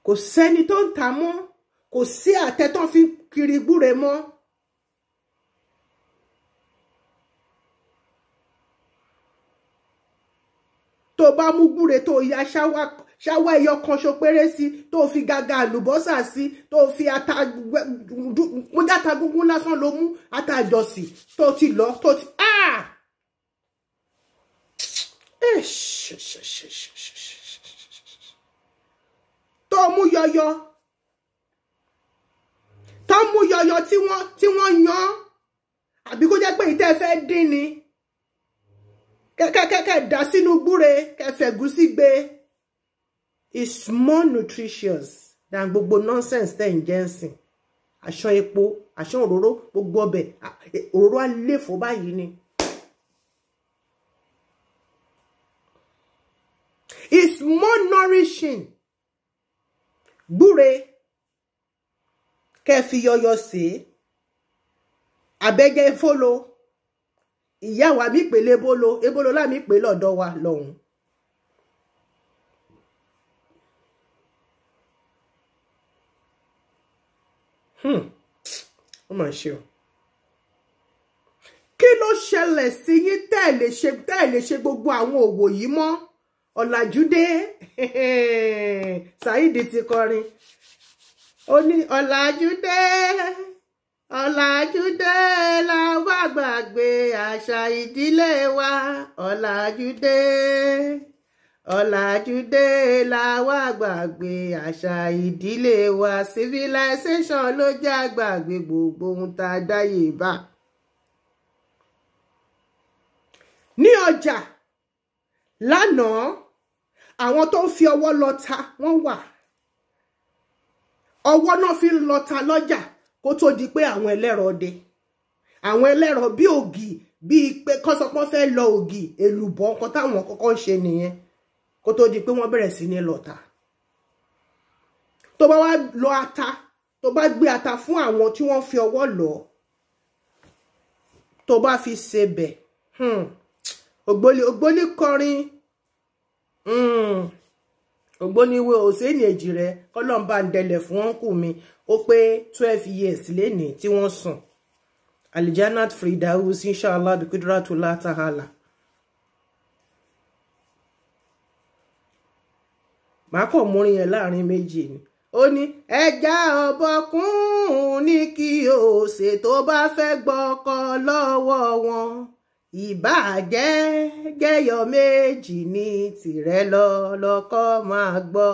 kò sẹ́ni tó ń ta mọ́ kò sí àtẹ tán fi kiri gbúre mọ́. tó bá mú gbúre tó ya ṣáwá ṣáwá ẹyọ kan ṣopéré sí tó fi gàgà àlùbọ́sà sí tó fi ata múdá ata gúngún lásán ló mú ata àjọsìn tó ti lọ tó ti. Ah! Eh, sh, sh, sh, sh tó mú yọyọ tó mú yọyọ tí wọ́n tí wọ́n yan àbí kó jẹ́ pé ìtẹ́ fẹ́ dín ni kẹ́kẹ́kẹ́ dá sínú gbúre kẹfẹ̀gúsí gbé is more nutritious than gbogbo nonsense tẹ̀ ń jẹ́ ǹsìn aṣọ epo aṣọ òróró gbogbo ọbẹ̀ e, òróró àléfò báyìí ni. It's more nourishing gbúre kẹ́ fi yọyọ sí abẹ́jẹ́ fólo ìyá wa mi pèlè ebolo ebolo láàmì pè lọ́dọ̀ wa lọ́hùn. Hmm. ó mà ṣe o kí ló ṣẹlẹ̀ sí yín tẹ́ ẹ̀ lè ṣe gbogbo àwọn òwò yìí mọ́ ọ̀làjú dé Saheed ti kọrin ó ní ọ̀làjú dé ọ̀làjú dé la wá gbàgbé àṣà ìdílé wa ọ̀làjú dé ọ̀làjú dé la wá gbàgbé àṣà ìdílé wa civilization ló jẹ́ àgbàgbé gbogbo ohun tá a dáyé bá. ní ọjà lánàá àwọn tó ń fi ọwọ́ lọ́ta wọ́n wà ọwọ́ náà fi ń lọ́ta lọ́jà kó tó di pé àwọn ẹlẹ́rọ dé àwọn ẹlẹ́rọ bí ògì bíi pé kọ́sọpọ́n fẹ́ lọ ògì èlùbọ́ nǹkan táwọn kọ́kọ́ ń ṣe nìyẹn kó tó di pé wọ́n bẹ̀rẹ̀ sí ní lọ́ta tó bá wá lọ ata tó bá gbé ata fún àwọn tí wọ́n fi ọwọ́ lọ tó bá fi sebẹ̀ ògbólé hmm, ògbólé kọrin. Hmm. ògbóniwé òsèèni èjì rẹ kọlọmbà ń dẹlẹ fún ọńkù mi ó pé twelve years lénìí tí wọ́n sùn alijanat fridaus inshallah bikudratullah ta'ala màá kàn múrin yẹn láàrin méjì ni ó ní ẹja ọbọkún ní kí o ṣe tó bá fẹ́ gbọ́kọ lọ́wọ́ wọn ìbáà jẹ́ jẹ́yọ méjì ní tìrẹ lọ lọ́kọ́ máa gbọ́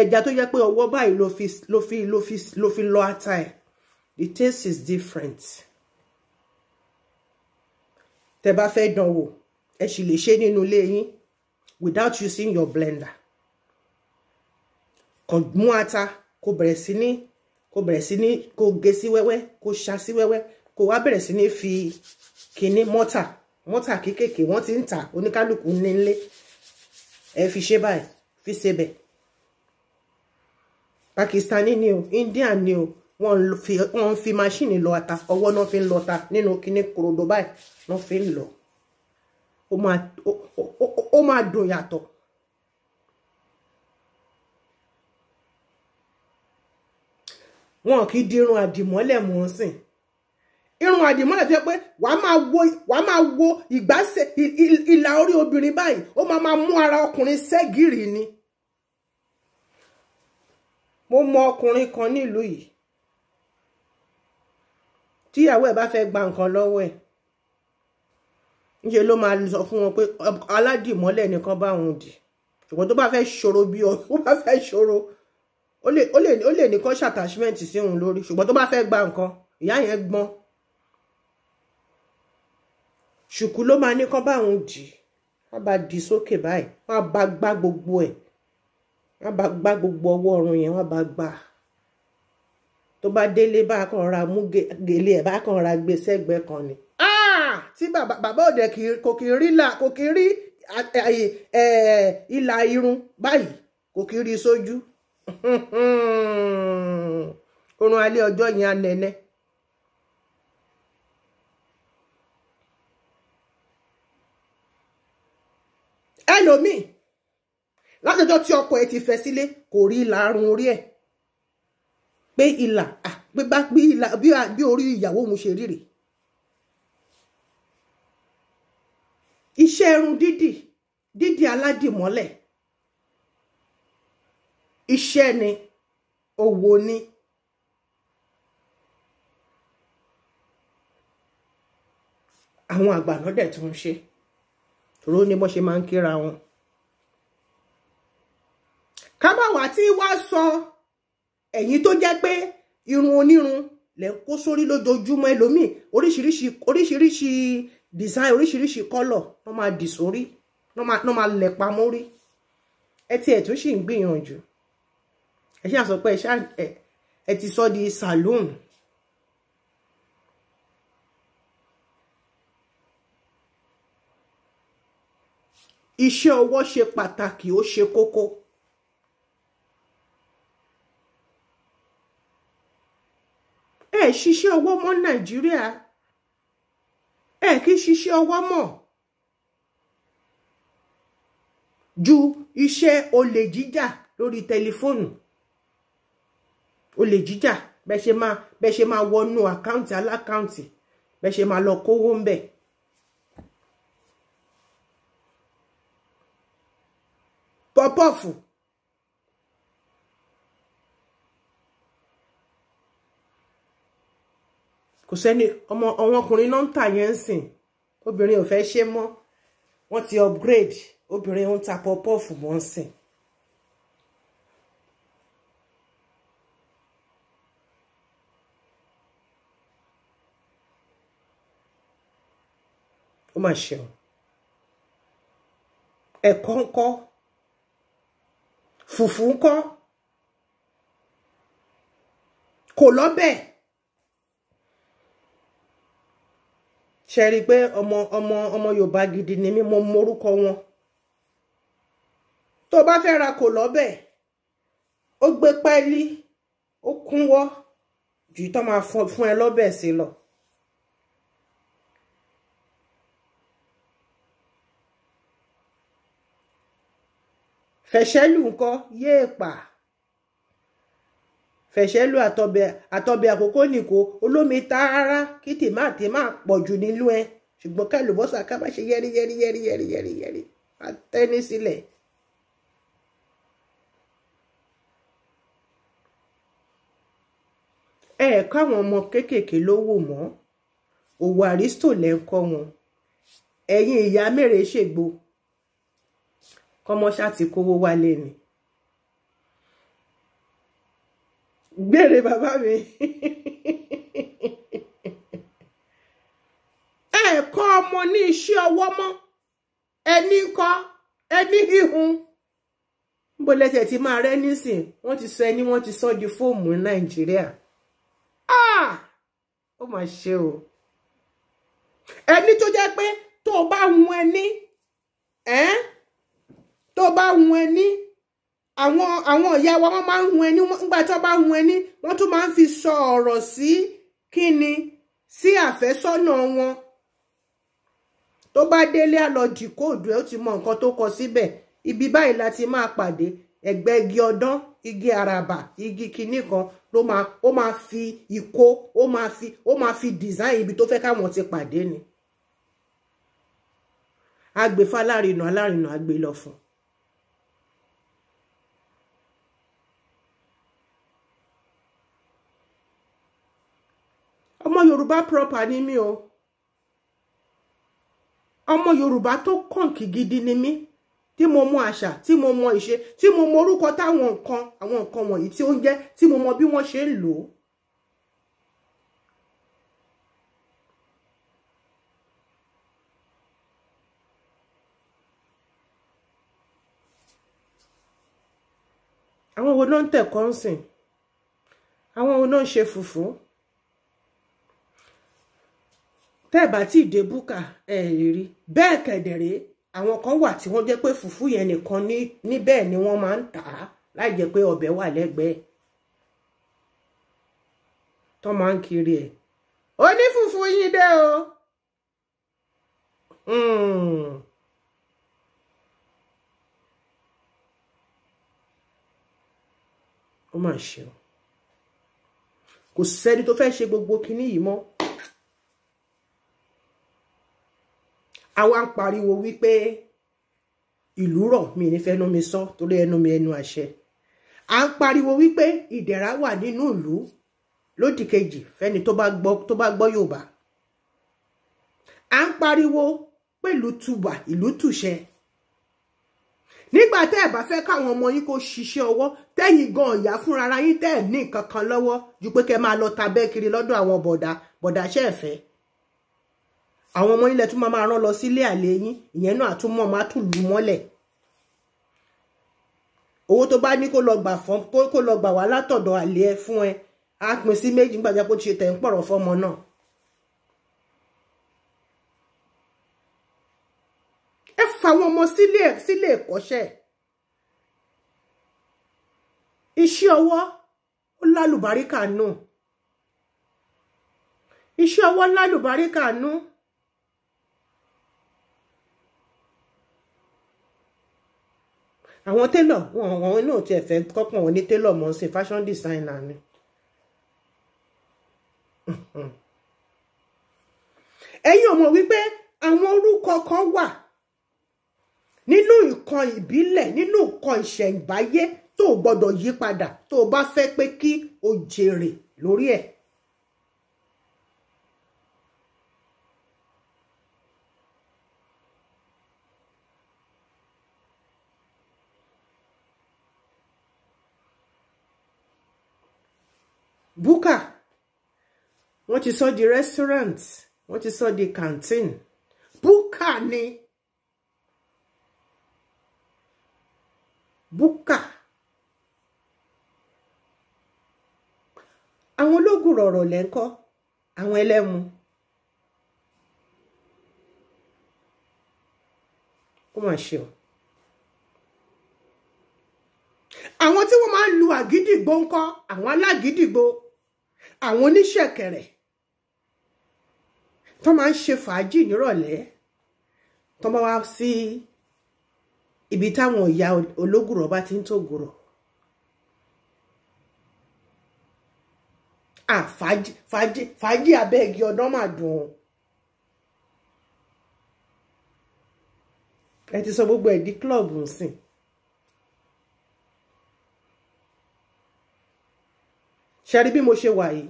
ẹja tó yẹ pé ọwọ́ báyìí ló fi ló fi ló fi lọ ata ẹ̀ the taste is different tẹ́ bá fẹ́ dánwò ẹ sì lè ṣe nínú ilé yín without using your blender kàn mú ata kó bẹ̀rẹ̀ sí ní kó bẹ̀rẹ̀ sí ní kó gé sí wẹ́wẹ́ kó ṣá sí wẹ́wẹ́ kó wá bẹ̀rẹ̀ sí ní fi kíní mọ́tà mọ́tà kéékèèké wọ́n ti ń tà oníkálukú nílé ẹ fi ṣe báyìí fi ṣe bẹ̀. pakistani ni o india ni o wọ́n fi wọ́n fi máṣíìnì lọ ata ọwọ́ náà fi ń lọ ta nínú kíní korodo báyìí náà fi ń lọ ó máa ó máa dùn yàtọ̀. wọn kì í dirun àdìmọ́lẹ̀ mọ́ sìn irun àdìmọ́lẹ̀ tó yẹ pé wàá máa wo wàá máa wo ìgbàsẹ̀ ìlà orí obìnrin báyìí ó máa máa mú ara ọkùnrin ṣẹ́gìrì ni. mo mọ ọkùnrin kan nílùú yìí tíyàwó ẹ̀ bá fẹ́ gba nǹkan lọ́wọ́ ẹ̀ níṣẹ́ ló máa sọ fún wọn pé aládìmọ́lẹ̀ nìkan bá òun dì ṣùgbọ́n tó bá fẹ́ ṣòro bí ọ tó bá fẹ́ ṣòro ó lè ó lè nìkan ṣàtàṣímẹ́ǹtì sí òun lórí ṣùgbọ́n tó bá fẹ́ gba nǹkan ìyá yẹn gbọ́n ṣùkú ló máa ní kán bá àwọn dì í wọ́n bá dì í sókè báyìí wọ́n bá gbá gbogbo ẹ̀ wọ́n bá gbá gbogbo ọwọ́ ọrùn yẹn wọ́n bá gbá tó bá délé bá kàn ra mú gèlè ẹ̀ bá kàn ra gbé sẹ́gbẹ̀ẹ́ kan ni. Ah! tí bàbá bàbá òde kò kì í rí là kò kì í rí ìlà irun báyìí kò kì í rí sójú oorun alẹ́ ọjọ́ yẹn anẹ́nẹ́. ẹlòmíì látọjọ́ tí ọkọ ẹ ti fẹ́ sílé kò rí ìlà arun orí ẹ̀ pé ìlà pé bá bí ìlà bí orí ìyàwó òun ṣe rírì iṣẹ́ irun dídì dídì aládìmọ́lẹ̀ iṣẹ́ ni òwò ni àwọn àgbà náà dẹ̀ tún ń ṣe tòró ní bọ́n ṣe máa ń kíra wọn ká má wá tí wá sọ ẹ̀yin tó jẹ́ pé irun onírun lẹ kó sórí lójoojúmọ́ ẹlòmíì oríṣiríṣi oríṣiríṣi design oríṣiríṣi kọ́lọ̀ wọ́n máa dì sórí wọ́n máa lẹ̀ pamọ́ rí ẹ ti ẹ̀ tún sì ń gbìyànjú ẹ ṣáà sọ pé ẹ ti sọ di saloon iṣẹ́ ọwọ́ ṣe pàtàkì ó ṣe kókó. ẹ ṣiṣẹ́ ọwọ́ mọ́ nàìjíríà ẹ kì í ṣiṣẹ́ ọwọ́ mọ́ ju iṣẹ́ olè jíjà lórí tẹlifóònù olè jíjà bẹ ṣe máa bẹ ṣe máa wọnú àkáǹtì alákáǹtì bẹ ṣe máa lọ kówó ń bẹ̀. pọ̀fù. kò sẹ́ni ọmọ ọmọkùnrin náà ń tà yẹn ń sìn obìnrin ò fẹ́ ṣe mọ́ wọ́n ti upgrade obìnrin ń ta pọ́pọ́ọ̀fù mọ́ ń sìn. ó mà ṣe o ẹ̀kọ́ ń kọ́ fùfú ńkọ́ kò lọ́bẹ̀ ṣe rí i pé ọmọ ọmọ ọmọ Yorùbá gidi ni mí mo morúkọ wọn tó bá fẹ́ ra kò lọ́bẹ̀ ó gbé pẹ́ẹ́lí ó kúnwọ́ jù tó máa fún ẹ lọ́bẹ̀ sí lọ. fẹ̀ṣẹ́lù ńkọ́ yéè pà fẹ̀ṣẹ́lù àtọ̀bẹ̀ àtọ̀bẹ̀ àkókò nìkó olómi tààrà kí tèmá tèmá pọ̀ jù nínú ẹ ṣùgbọ́n kẹlùbọ́sà ká má ṣe yẹ́rí yẹ́rí yẹ́rí yẹ́rí yẹ́rí yẹ́rí àtẹ́ni sílẹ̀. ẹ ẹ káwọn ọmọ kéékèèké lówó mọ́ òwò àrísítò lẹ ń kọ́ wọn ẹ̀yin ìyá mèrè ṣègbò kọ́mọ́ṣá ti kówó wálé ni gbére bàbá mi ẹ̀kọ́ ọmọ ní iṣẹ́ ọwọ́ mọ́ ẹni kọ́ ẹni híhun bó lẹ́tẹ̀ tí máa rẹ́ nísìn wọ́n ti sọ ẹni wọ́n ti sọ di fóòmù ní nàìjíríà ah! ó mà ṣe o ẹni tó jẹ́ pé tó o bá hun ẹni ẹ́ tó bá hun ẹní àwọn àwọn ìyá wa wọ́n máa ń hun ẹní nígbà tó bá hun ẹní wọ́n tún máa ń fi sọ ọ̀rọ̀ sí kíni sí àfẹ́sọ́nà wọn tó bá délé á lọ dì kóòdù ẹ ó ti mọ nǹkan tó kọ síbẹ̀ ibi báyìí la ti máa pàdé ẹ̀gbẹ́ igi ọdán igi àràbà igi kinní kan ló máa ó máa fi ìkó ó máa fi ó máa fi design ibi tó fẹ́ káwọn ti pàdé ni agbèfà alárinà alárinà agbè lọ fún un. ọmọ Yorùbá proper ni mí o ọmọ Yorùbá tó kọǹkì gidi ni mí tí mo mọ àṣà tí mo mọ ìṣe tí mo mọ orúkọ táwọn nǹkan àwọn nǹkan wọ̀nyí tí ó ń jẹ́ tí mo mọ bí wọ́n ṣe ń lò ó. àwọn wo náà ń tẹ̀kọ́ ń sìn àwọn wo náà ń ṣe fùfú tẹ́ ẹ̀ bá tí ì dé búkà ẹ̀ lè rí bẹ́ẹ̀ kẹ̀dẹ̀rẹ́ àwọn kan wà tí wọ́n jẹ́ pé fùfú yẹn nìkan ní níbẹ̀ ni wọ́n máa ń tà á láì jẹ́ pé ọbẹ̀ wà lẹ́gbẹ̀ẹ́ tọ́ máa ń kiri ẹ̀ ó ní fùfú yín dé o hmm. ó mà ṣe kò sẹ́ni tó fẹ́ ṣe gbogbo kinní yìí mọ́ àwa ń pariwo wípé ìlú rọ̀ mi ní fẹ́ ẹnu mi sọ torí ẹnu mi ẹnu àṣẹ à ń pariwo wípé ìdẹ̀ra wà nínú ìlú lódì kejì fẹ́ni tó bá gbọ́ tó bá gbọ́ Yorùbá à ń pariwo pẹ̀lú tùbà ìlú tùṣẹ nígbà tẹ́ ẹ̀ bá fẹ́ káwọn ọmọ yín kó ṣiṣẹ́ ọwọ́ tẹ́yìn gan ọ̀yà fúnra ara yín tẹ́ ẹ̀ ní nǹkan kan lọ́wọ́ ju pé kẹ́ máa lọ tabẹ́ kiri lọ́dọ̀ àwọn bọ̀dà bọ̀dà ṣẹ́ẹ̀fẹ́ àwọn ọmọ ilẹ̀ tún máa máa rán lọ sílé àlè yín ìyẹn náà àtúmọ̀ máa tún lù mọ́lẹ̀ owó tó bá ní kó lọ gbà fún kó lọ gbà wá látọ̀dọ̀ àlè ẹ fún ẹ á pín sí méjì nígbàjá kó ṣe tẹ̀ ń pọ̀rọ̀ fọmọ náà ẹ fàwọn ọmọ sílé sílé ìkọ́ṣẹ́ iṣẹ́ ọwọ́ ó lálùbáríkà nù iṣẹ́ ọwọ́ lálùbáríkà nù. àwọn télọ̀ wọn àwọn náà tiẹ̀ fẹ́ kọ́pọ̀ wọn ní télọ̀ mọ́ sí fashion designer ni ẹ̀yin ò mọ̀ wípé àwọn orúkọ kan wà nínú nǹkan ìbílẹ̀ nínú nǹkan ìṣẹ̀ǹbáyé tó o gbọ́dọ̀ yí padà tó o bá fẹ́ pé kí o jèrè lórí ẹ̀. E. Buka. wọ́n ti sọ di restaurant wọ́n ti sọ di canteen búkà ni búkà àwọn ológun rọ̀rọ̀ lẹ́ńkọ́ àwọn ẹlẹ́mu ó mà ṣe o àwọn tí wọ́n máa ń lu àgídìgbò ńkọ́ àwọn alágídìgbò àwọn oníṣẹ̀kẹ̀rẹ̀ tó máa ń ṣe fàájì nírọ̀lẹ́ tó máa wá sí ibi táwọn ìyá ológùrọ̀ bá ti ń tògùrọ̀ ah fàájì fàájì fàájì abẹ́gi ọdún máa dùn ún ẹ ti sọ gbogbo ẹ̀ di club nsìn. ṣẹ́rí bí mo ṣe wà yìí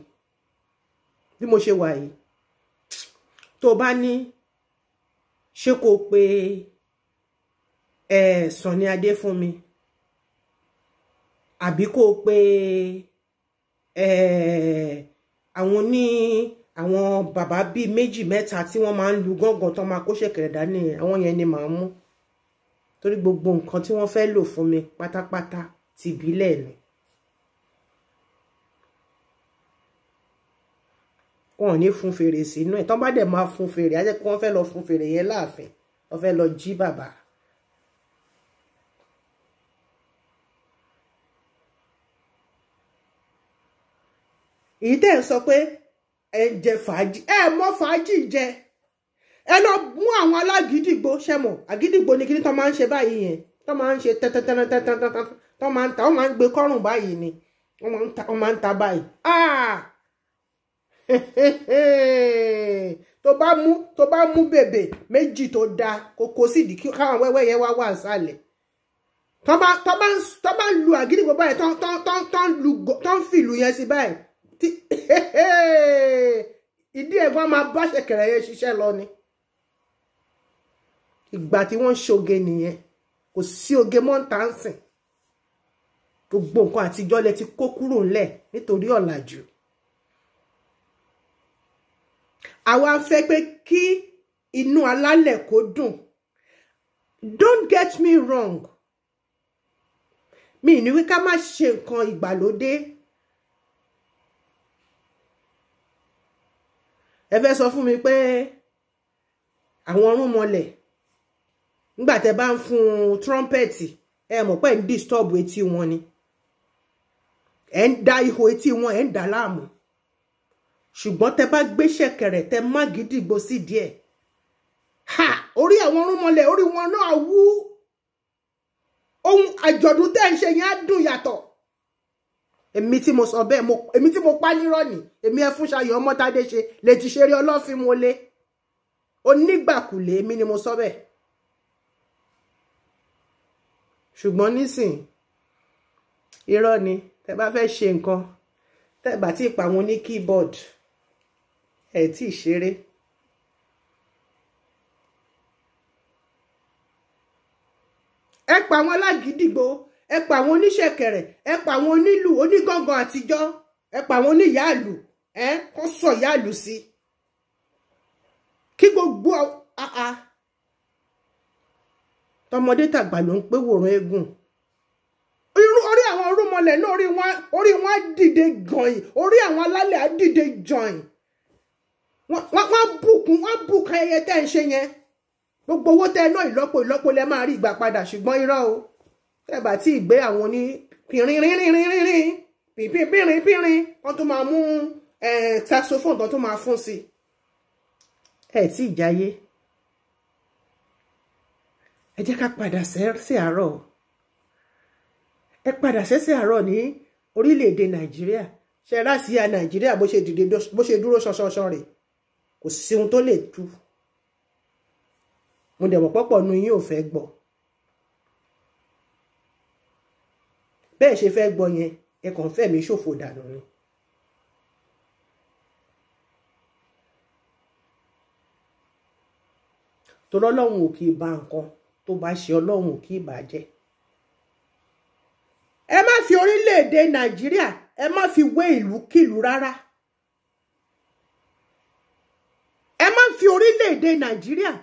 bí mo ṣe wà yìí tó bá ní ṣé kò pé ẹ Sunny Adé fún mi àbí kò pé ẹ àwọn ní àwọn bàbá bíi méjì mẹ́ta tí wọ́n máa ń lu gángan tó máa kó ṣẹ̀kẹ̀rẹ̀ dání àwọn yẹn ni màá mú torí gbogbo nǹkan tí wọ́n fẹ́ lò fún mi pátápátá tìbílẹ̀ ni wọn ò ní fún fèrè sínú ẹ̀ tán bá dẹ̀ máa fún fèrè á jẹ́ pé wọ́n fẹ́ lọ fún fèrè yẹn láàfin wọ́n fẹ́ lọ jí bàbá. èyí tẹ̀ ń sọ pé ẹ ń jẹ fàájì ẹ mọ fàájì jẹ ẹ lọ mú àwọn alágídìgbò ṣẹmọ àgídìgbò ni kíní tán máa ń ṣe báyìí yẹn tán máa ń ṣe tẹ́tẹ́tẹ́tẹ́tẹ́tẹ́tẹ́ tán máa ń ta wọ́n máa ń gbé kọ́rùn báyìí ni wọ́n máa ń ta báyìí. Ah! tó bá mú tó bá mú bèbè méjì tó da kòkó sídìí kí káwọn wẹ́wẹ́ yẹn wá wà nsàlẹ̀ tọ́ bá lu àgídìgbò báyìí tọ́ ń fìlù yẹn sí báyìí ìdí ẹ̀gbọ́n máa bá ṣẹ̀kẹ̀rẹ̀ yẹn ṣiṣẹ́ lọ ni ìgbà tí wọ́n ń ṣoge nìyẹn kò sí oge mọ́ńtà ń sìn gbogbo nǹkan àtijọ́ lẹ ti kó kúrò ńlẹ̀ nítorí ọ̀làjú. àwa fẹ́ pé kí inú alálẹ̀ kó dùn don't get me wrong mi ní wí ká má ṣe nǹkan ìgbàlódé ẹ fẹ́ sọ fún mi pé àwọn rúnmọlẹ̀ nígbà tẹ́ bá ń fún trumpet ẹ mọ̀ pé ń disturb etí wọn ni ẹ ń dá ihò etí wọn ẹ ń dá láàmú ṣùgbọ́n tẹ bá gbé ṣẹ̀kẹ̀rẹ̀ tẹ má gídìgbò sí díẹ̀ ha orí àwọn rúnmọlẹ̀ orí wọn náà wú ohun àjọ̀dún tẹ́ ń ṣe yẹn á dùn yàtọ̀ èmi tí mo sọ bẹ́ẹ̀ èmi tí mo pa nírọ̀ ni èmi ẹ fún ṣayọ̀ ọmọ́tádé ṣe lè ti ṣeré ọlọ́fin mo lé onígbàkulè èmi ni mo sọ bẹ́ẹ̀ ṣùgbọ́n nísìn irọ́ ni tẹ bá fẹ́ ṣe nǹkan tẹ bá ti pa wọn ní keyboard ẹ tí ì ṣeré. ẹ pa àwọn alágídígbò ẹ pa àwọn oníṣẹ̀kẹ̀rẹ̀ ẹ pa àwọn onílù onígangan àtijọ́ ẹ pa àwọn oníyàálù ẹ kó sọ ìyàálù sí i kí gbogbo àà tọmọdé tàgbà ló ń pé wòran eégún orí àwọn orúmọlẹ̀ náà orí wọn á dìde gànyìn orí àwọn alálẹ̀ á dìde jọ̀yìn wọ́n bùkún wọ́n bùkún ẹyẹ tẹ́ ń ṣe yẹn gbogbo owó tẹ́ náà ìlọ́po ìlọ́po lẹ́ máa rí ìgbà padà ṣùgbọ́n irọ́ o tẹ́ bá tí ì gbé àwọn oní pìnrin rínrin rínrin pìnpín pìnrin pìnrin wọ́n tún máa mú saxophone tó tún máa fún sí ẹ̀ tí ì jáyé ẹ jẹ́ ká padà sí àárọ̀ ẹ padà sẹ́sẹ̀ àárọ̀ ní orílẹ̀-èdè nàìjíríà ṣe rásìá nàìjíríà bó ṣe dúró ṣọṣọṣọ rèé kò sí ohun tó lè tú mo dẹ̀ mọ̀ pọ́pọ̀ nu yín ò fẹ́ gbọ́ bẹ́ẹ̀ ṣe fẹ́ gbọ́ yẹn ẹ kàn fẹ́ mi ṣòfò dànù ni. torí ọlọ́run ò kì í ba nǹkan tó bá ṣe ọlọ́run ò kì í bàjẹ́ ẹ má fi orílẹ̀-èdè nàìjíríà ẹ má fi wé ìlúkìlú rárá. fi orílẹ̀-èdè nàìjíríà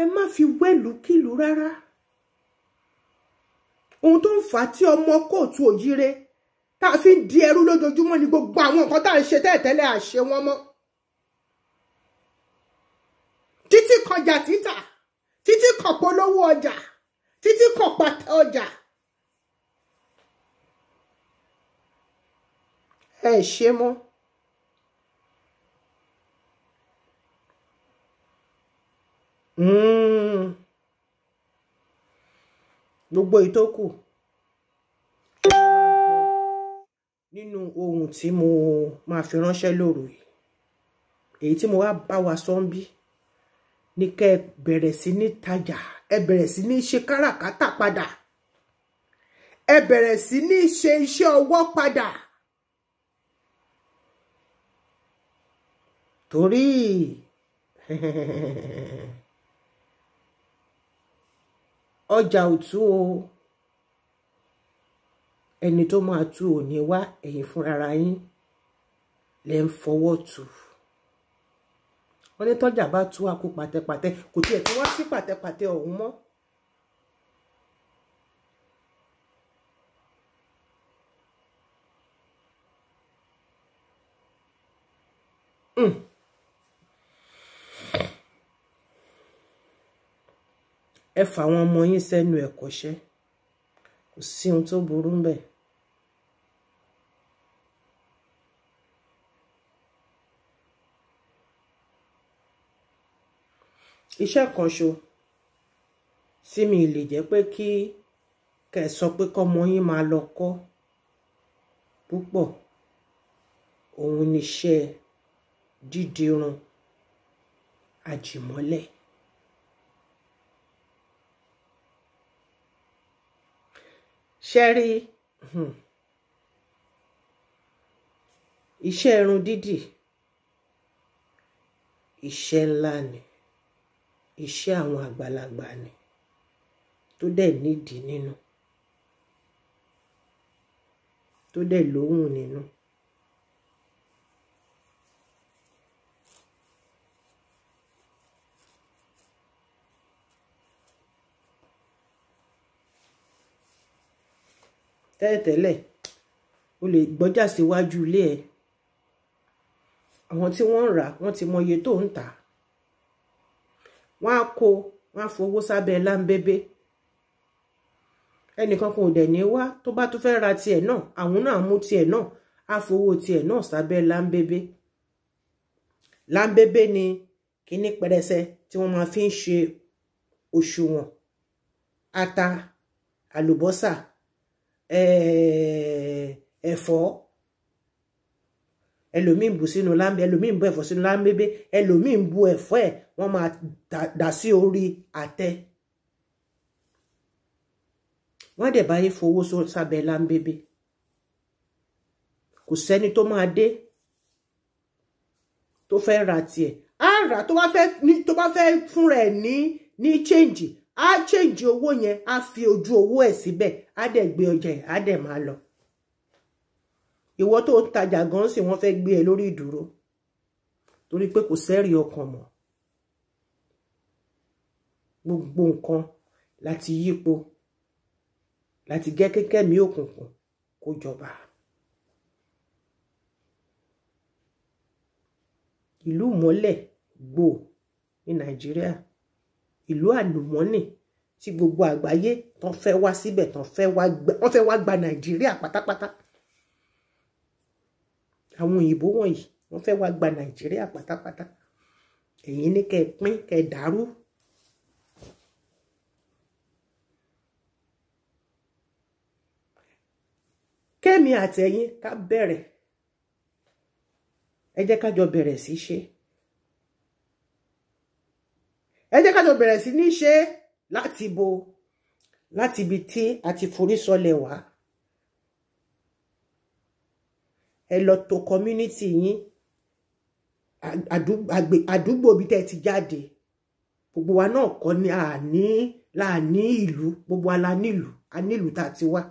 ẹ má fi wẹ́lú kìlú rárá ohun tó ń fà á tí ọmọ kóòtù òjíire tá a fi ń di ẹrú lójoojúmọ́ ni gbogbo àwọn nǹkan tá à ń ṣe tẹ́ẹ̀tẹ́lẹ̀ àṣẹ wọn mọ́ títí kọjà títà títí kan polówó ọjà títí kan pàtẹ ọjà ẹ ṣe mọ́. Mm. gbogbo ìtókù nínú ohun tí mo máa fi ránṣẹ́ lóru yìí èyí tí mo wá bá wa sọ ni kẹ́ ẹ bẹ̀rẹ̀ sí ní tajà ẹ bẹ̀rẹ̀ sí ní ṣe káràkátà padà ẹ bẹ̀rẹ̀ sí ní ṣe iṣẹ́ ọwọ́ padà. torí ọjà ò tú o ẹni tó máa tú ò ní wá ẹ̀yin fúnra yín lẹ ń fọwọ́ tú wọ́n ní tọ́jà bá tú akú pàtẹ́pàtẹ́ kò tiẹ̀ tí wọ́n sí pàtẹ́pàtẹ́ ọ̀hún mọ́. ẹ fà àwọn ọmọ yín sẹ́nu ẹ̀kọ́ṣẹ́ kò sí ohun tó burú ń bẹ iṣẹ́ kan ṣo tí mi lè jẹ́ pé kí kẹ́ sọ pé kọ́mọ yín máa lọ kọ́ púpọ̀ òun níṣẹ́ dídirun àjìmọ́lẹ̀. ṣẹ́rí hmm. iṣẹ́ irun dídì iṣẹ́ ńlá ni iṣẹ́ àwọn àgbàlagbà ni tó dẹ̀ nídìí nínú tó dẹ̀ lóhùn nínú. No. tẹ́lẹ̀tẹ́lẹ̀ o lè gbọ́jà síwájú ilé ẹ àwọn tí wọ́n ń rà wọ́n ti mọ iye tó ń tà wọ́n á kó wọ́n á fowó sábẹ́ láńbébé ẹnìkan kan ò dẹ̀ ní wá tó bá tún fẹ́ ra tiẹ̀ náà àwọn náà mú tiẹ̀ náà á fowó tiẹ̀ náà sábẹ́ láńbébé láńbébé ni kíní pẹrẹsẹ tí wọ́n máa fi ń ṣe òṣùwọ̀n ata àlùbọ́sà Eh, ẹ̀fọ́ ẹlòmíì ń bù sínú láńbẹ ẹlòmíì ń bù ẹ̀fọ́ sínú láńbébé ẹlòmíì ń bù ẹ̀fọ́ ẹ̀ wọ́n máa dà sí orí àtẹ wọ́n dẹ̀ báyé fowó sábẹ́ láńbébé kò sẹ́ni tó máa dé tó fẹ́ ra tiẹ̀ á rà tó bá fẹ́ fúnra ẹ̀ ní ní change á change owó yẹn á fi ojú owó ẹ̀ síbẹ̀ á dẹ̀ gbé ọjà ẹ̀ á dẹ̀ máa lọ ìwọ tó ń tajà gan sì wọ́n fẹ́ gbé ẹ lórí ìdúró torí pé kò sẹ́rìí ọkàn mọ́ gbogbo nǹkan láti yípo láti gẹ́ kẹ́kẹ́ mi òkùnkùn kó jọba ìlú mọ́lẹ̀ gbò ní nàìjíríà ìlú àlùmọ́nì tí gbogbo àgbáyé tán fẹ́ wá síbẹ̀ tán fẹ́ wá gba nàìjíríà pátápátá àwọn òyìnbó wọ̀nyí wọ́n fẹ́ wá gba nàìjíríà pátápátá ẹ̀yin ní kẹ́ ẹ pín kẹ́ ẹ dàrú. kẹ́mi àtẹ̀yìn ká bẹ̀rẹ̀ ẹ jẹ́ ká jọ bẹ̀rẹ̀ sí ṣe ẹ jẹ́ ká tó bẹ̀rẹ̀ sí ní ṣe láti bo láti ibi tí a ti forí sọlẹ̀ wá ẹ lọ tò community yín àdúgbò bí tẹ́ ti jáde gbogbo wa náà kọ́ ni a ní la ní ìlú gbogbo wa la nílùú a nílùú tá a ti wá.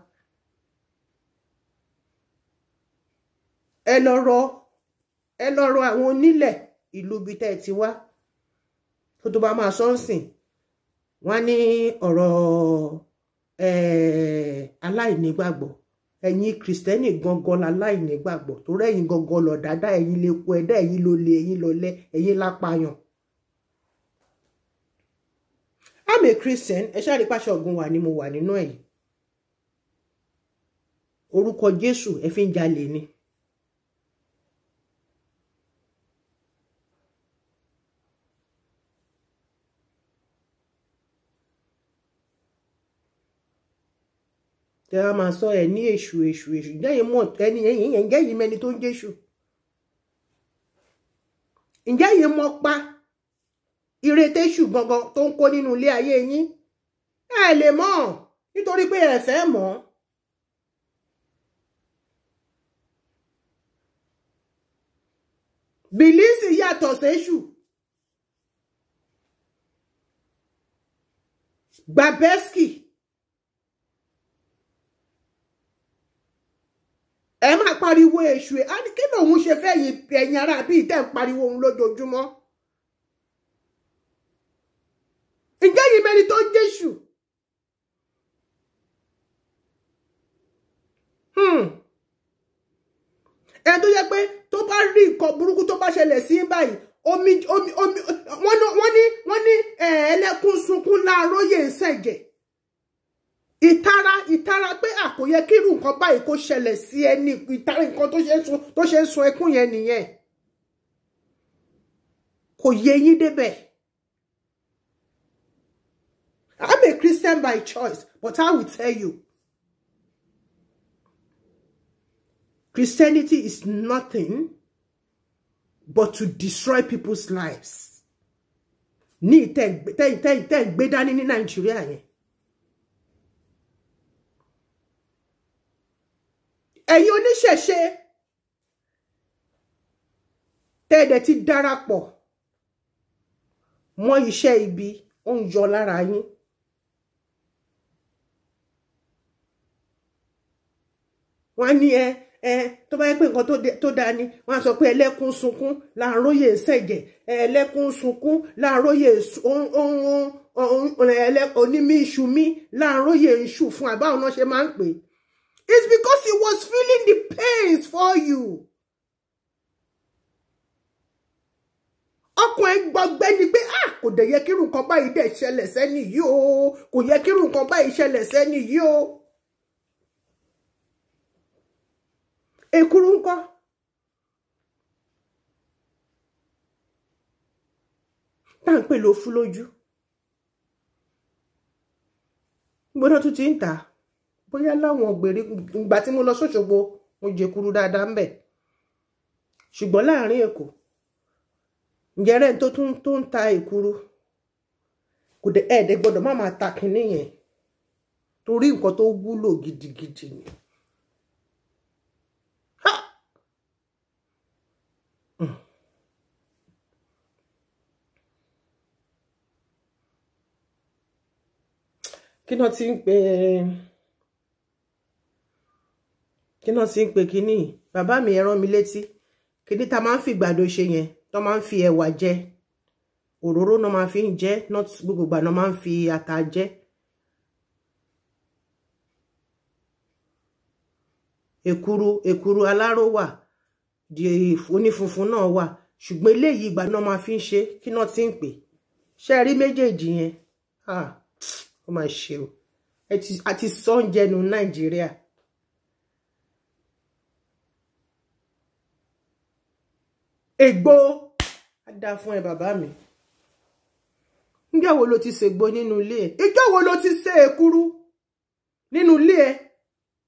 ẹ lọ rọ ẹ lọ rọ àwọn onílẹ̀ ìlú bí tẹ́ ti wá kó tó bá máa sọ́nsìn wọ́n ní ọ̀rọ̀ aláìnígbàgbọ́ ẹ̀yin kìrìsìtẹ́nì gangan láláìnígbàgbọ́ tó rẹ́yìn gangan lọ dáadáa ẹ̀yin lè kú ẹ̀dá ẹ̀yin ló lè ẹ̀yin lọ ẹ̀yin lápáyàn. I'm a Christian ẹ ṣáà rí pàṣẹ ọ̀gùn wà ní mo wà nínú ẹ̀yìn orúkọ Jésù ẹ fi ń jalè ni. tẹ a máa sọ ẹ ní èṣù èṣù èṣù lẹ́yìn mọ̀ ẹni yẹn yẹn ǹjẹ́ yìí mẹni tó ń jésù ǹjẹ́ yìí mọ̀ pa ìrètè èṣù gangan tó ń kó nínú ilé ayé yín ẹ lè mọ̀ nítorí pé ẹ fẹ́ mọ̀ bìlísì yàtọ̀ séṣù gbàbẹ́sì. ẹ máa pariwo èṣù ẹ kí lòun ṣe fẹ́ yìí ẹ̀yin ará bíi tẹ́ ń pariwo òun lójoojúmọ́ ǹjẹ́ yìí mẹ́ni tó ń jésù hmm. ẹni tó yẹ pé tó bá rí nǹkan burúkú tó bá ṣẹlẹ̀ sí báyìí omi omi omi wọ́n ní wọ́n ní ẹlẹ́kùn sunkún láàárọ̀ yẹn ń ṣẹ̀jẹ̀ ìtara ìtara pé àkòyẹ kírú nǹkan báyìí kó ṣẹlẹ̀ sí ẹni ìtara nǹkan tó ṣe ń sun ẹkún yẹn nìyẹn kò yé yín débẹ̀ I'm a Christian by choice but I will tell you Christianity is nothing but to destroy people's lives ní ìtẹ̀ ìgbé dání ní Nàìjíríà yẹn ẹ̀yin oníṣẹ̀ṣe tẹ́ẹ̀dẹ̀ ti darapọ̀ mọ́ iṣẹ́ ibi ó ń yọ lára yín. wọ́n á ní ẹ ẹ tó bá yẹ pé nǹkan tó dáa ni wọ́n á sọ pé ẹlẹ́kùn sunkún láàróyè ṣẹ̀jẹ̀ ẹlẹ́kùn sunkún láàróyè onímí iṣu mi láàróyè iṣu fún àbáwọn náà ṣe máa ń pè é. It's because he was feeling the pains for you. ọkùnrin gbọgbẹ́ ni pé ah kò dẹ̀ yẹ kírun kan báyìí dẹ̀ ṣẹlẹ̀ sẹ́ni yìí o kò yẹ kírun kan báyìí ṣẹlẹ̀ sẹ́ni yìí o. èkúrú ńkọ́. tá à ń pè ló lójú. gbọ́dọ̀ tún ti ń tà á bóyá láwọn ògbèrè ìgbà tí mo lọ sóṣogbo mo jẹ kúrú dáadáa ń bẹ ṣùgbọ́n láàrin èkó ǹjẹ́ rẹ̀ tó tún tó ń ta ìkúrú kò dé ẹ̀ẹ́dẹ́ gbọ́dọ̀ má máa ta kínní yẹn torí nǹkan tó wúlò gidigidi ni. Hmm. kí náà ti ń pè é kí náà sì ń pe kinní yìí bàbá mi ẹ rán mi létí kinní ta máa ń fi gbàdo ṣe yẹn tó máa ń fi ẹ̀wà jẹ òróró náà máa fi ń jẹ not gbogbo ìgbà náà máa ń fi ata jẹ. èkuru èkuru aláró wà onífunfun náà wà ṣùgbọ́n eléyìí ìgbà náà máa fi ń ṣe kí náà ti ń pè ṣe rí méjèèjì yẹn ah, ó máa ṣe o àti sọ́ńjẹ nu nàìjíríà. ègbó á dáa fún ẹ bàbá mi nígbà wo ló ti se nínú ilé ẹ ìjọ́ wo ló ti ṣe èkuru nínú ilé ẹ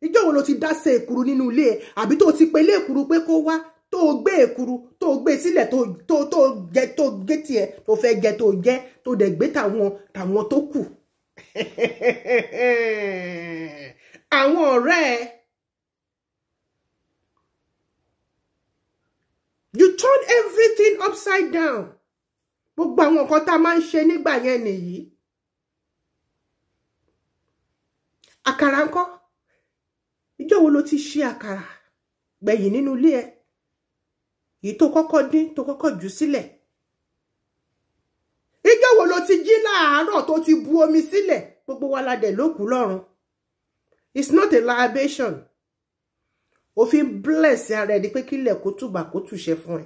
ìjọ́ wo ló ti dá ṣe èkuru nínú ilé ẹ àbí tó ti pelé èkuru pé kó wá tó gbé èkuru tó gbé sílẹ̀ tó tó tó jẹ tó gé tiẹ̀ tó fẹ́ jẹ tó jẹ tó dẹ̀ gbé tàwọn tàwọn tó kù àwọn ọ̀rẹ́ ẹ. you turn everything upside down gbogbo àwọn nǹkan tá a máa ń ṣe nígbà yẹn nìyí àkàrà ńkọ́ ìjọ wo ló ti ṣe àkàrà gbẹ̀yìn nínú ilé ẹ èyí tó kọ́kọ́ dín tó kọ́kọ́ jù sílẹ̀ ìjọ wo ló ti jí láàárọ̀ tó ti bu omi sílẹ̀ gbogbo wa la dẹ̀ lókùú lọ́rùn it's not a libation ó fi bless ara ẹni pé kílẹ̀ kó tùbà kó tùṣẹ fún ẹ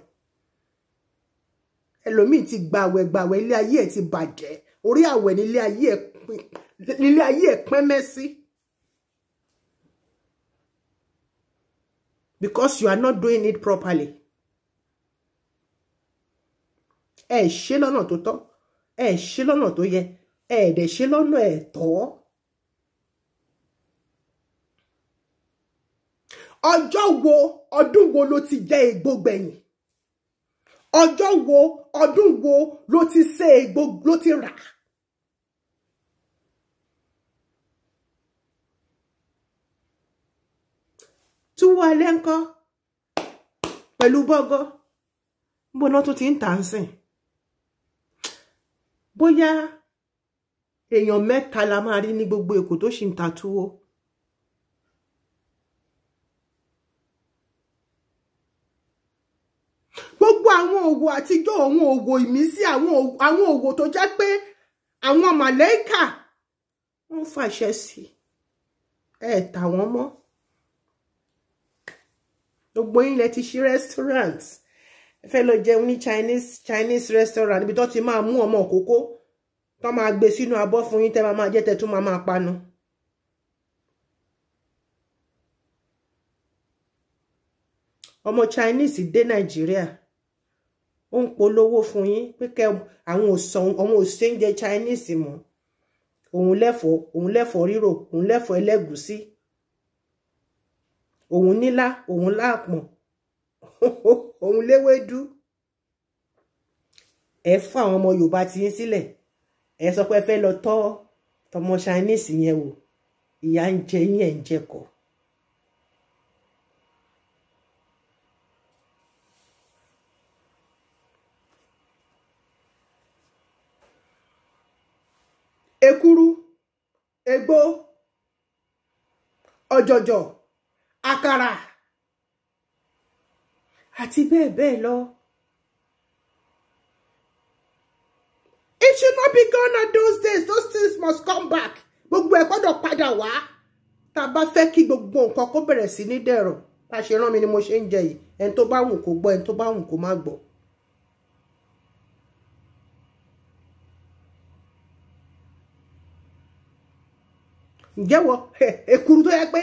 ẹlòmíì ti gbàwẹ̀ gbàwẹ̀ ilé ayé ẹ ti bàjẹ́ orí àwẹ̀ nílé ayé ẹ nílé ayé ẹ pín mẹ́sí. because you are not doing it properly. ẹ ṣe lọ́nà tó tọ́ ẹ ṣe lọ́nà tó yẹ ẹ dẹ̀ ṣe lọ́nà ẹ̀tọ́. ọjọ́ wo ọdún wo ló ti jẹ egbò gbẹ̀yìn ọjọ́ wo ọdún wo ló ti ṣe egbò ló ti rà túwọ alẹ́ ńkọ́ pẹ̀lú bọ́gọ́ gbóná tó ti ń tà ń sìn bóyá èèyàn mẹ́ta la máa rí ní gbogbo èkó tó ṣì ń ta túwó. òwò àtijọ́ àwọn òwò ìmísí àwọn òwò tó jẹ́ pé àwọn màlẹ́kà wọ́n fàṣẹ sí ẹ̀ tà mọ́ gbogbo yín ti ṣí restaurant ẹ fẹ́ lọ jẹun ní Chinese Chinese restaurant ibi tó ti máa mú ọmọ òkókó tó máa gbé sínú abọ́ fún yín tẹ́ máa máa jẹ́ tẹ́ tún máa máa panu. ọmọ Chinese dé Nàìjíríà ó ń polówó fún yín pé kẹ àwọn òsàn àwọn òsè oúnjẹ Chinese mọ́ òun lẹ́fọ̀ọ́ òun lẹ́fọ̀ọ́ rírò òun lẹ́fọ̀ọ́ ẹlẹ́gùsí òun nílá òun láàpọ̀n òun léwédú ẹ fún àwọn ọmọ Yorùbá ti yín sílẹ̀ ẹ sọ pé ẹ fẹ́ lọ tọ́ tọmọ Chinese yẹn wò ìyà ń jẹ yín ẹ̀ ń jẹkọ̀ọ́. ekwuru egbo ọjọjọ akara ati bee bee lọ. It should not be gone at those days. Those things must come back. Gbogbo ẹ̀ gbọ́dọ̀ padà wá. Tá bá kí gbogbo nǹkan kó bẹ̀rẹ̀ sí ní dẹ̀rọ̀. Bá a ṣe rán mi ni mo ṣe ń jẹ yìí. Ẹni tó bá wù kó gbọ́, ẹni tó bá wù kó má ǹjẹ́ wọ èkuru tó yẹ pé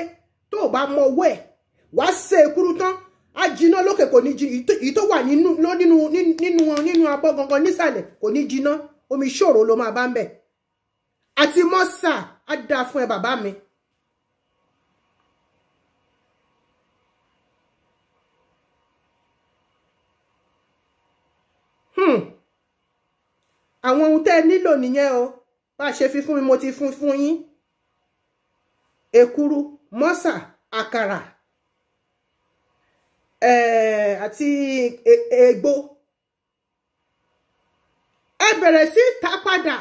tó o bá mọ owó ẹ̀ wá ṣe èkuru tán á jiná lókè kò ní jiná èyí tó wà nínú nínú nínú nínú abọ́ gangan nísàlẹ̀ kò ní jiná omi ṣòro ló máa bá ń bẹ̀ àti mọ́sà á dáa fún ẹ mi. Hmm. àwọn ohun tẹ́ ẹ nílò nìyẹn o bá a ṣe fi fún mi mo ti fún fún yín èkuru mọ́sà àkàrà eh, àti e, egbò ẹ bẹ̀rẹ̀ sí ta padà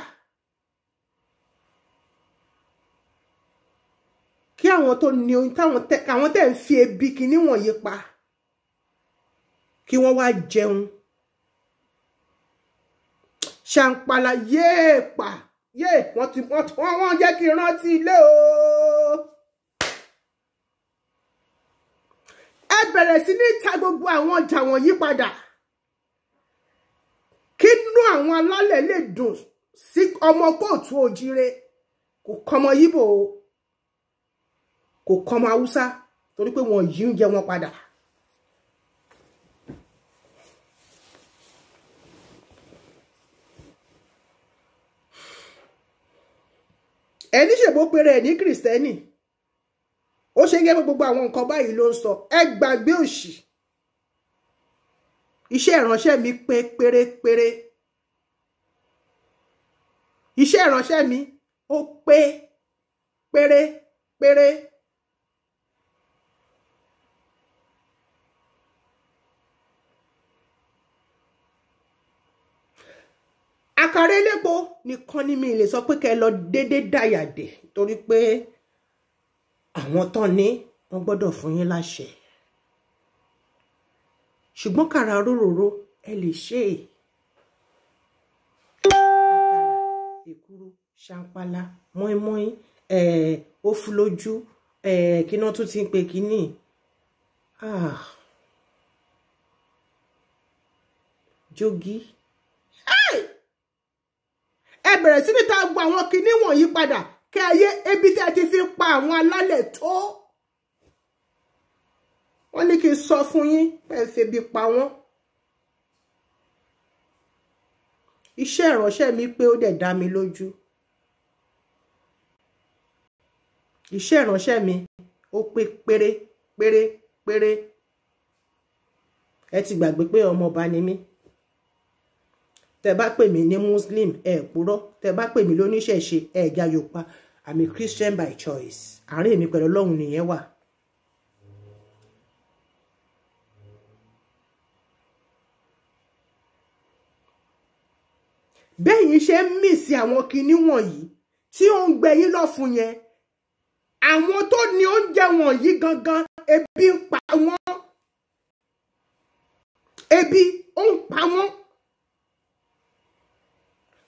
kí àwọn tó ní oyún táwọn tẹ àwọn tẹ ń fi ebi kíní wọ̀nyí pa kí wọ́n wá jẹun ṣàǹpalà yéèpà yéè wọ́n ti wọ́n jẹ́ kí n rántí ilé ooo. bẹ̀rẹ̀ sí ní ta gbogbo àwọn ọjà wọ̀nyí padà kínú àwọn alálẹ̀ lè dùn sí ọmọ kóòtù òjire kò kọmọ yíbò o kò kọmọ haúsá torí pé wọn yí ń jẹ wọn padà. ẹni ṣègbó péré ẹ ní kìrìsìtẹ́nì ó ṣe ń gẹ́gẹ́ gbogbo àwọn nǹkan báyìí ló ń sọ ẹ gbàgbé òṣì iṣẹ́ ìránṣẹ́ mi pé pérépéré iṣẹ́ ìránṣẹ́ mi ó pé pérépéré àkàrà elépo nìkan ni mi lè sọ pé kẹ́ lo déédéé dàyàdé torí pe àwọn tán ní wọ́n gbọ́dọ̀ fún yín láṣẹ ṣùgbọ́n kàrà róróró ẹ lè ṣe é àkàrà èkuru ṣàǹpalà mọ́ínmọ́ín ó fún lójú kí náà tún ti ń pe kínní ah. jogi ẹ bẹ̀rẹ̀ sí ní ta gbọ́ àwọn kinní wọ̀nyí padà kí ayé ebi tẹ́ ti fi pa àwọn alálẹ̀ tó wọ́n ní kí n sọ fún yín pé ẹ febi pa wọ́n iṣẹ́ ìránṣẹ́ mi pé ó dẹ̀ dá mi lójú iṣẹ́ ìránṣẹ́ mi ó pé péré péré péré ẹ ti gbàgbé pé ọmọ ọba ni mí tẹ bá pè mí ní muslim ẹ purọ́ tẹ bá pè mí lóníṣẹ̀ṣe ẹ já yòpa i'm a christian by choice àárín èmi pẹ̀lú ọlọ́run nìyẹn wà. bẹ́yìn ṣe ń mísì àwọn kinní wọ̀nyí tí ó ń gbẹ̀yìn lọ́fun yẹn àwọn tó ní oúnjẹ wọ̀nyí gangan ebi ń pa wọ́n ebi ó ń pa wọ́n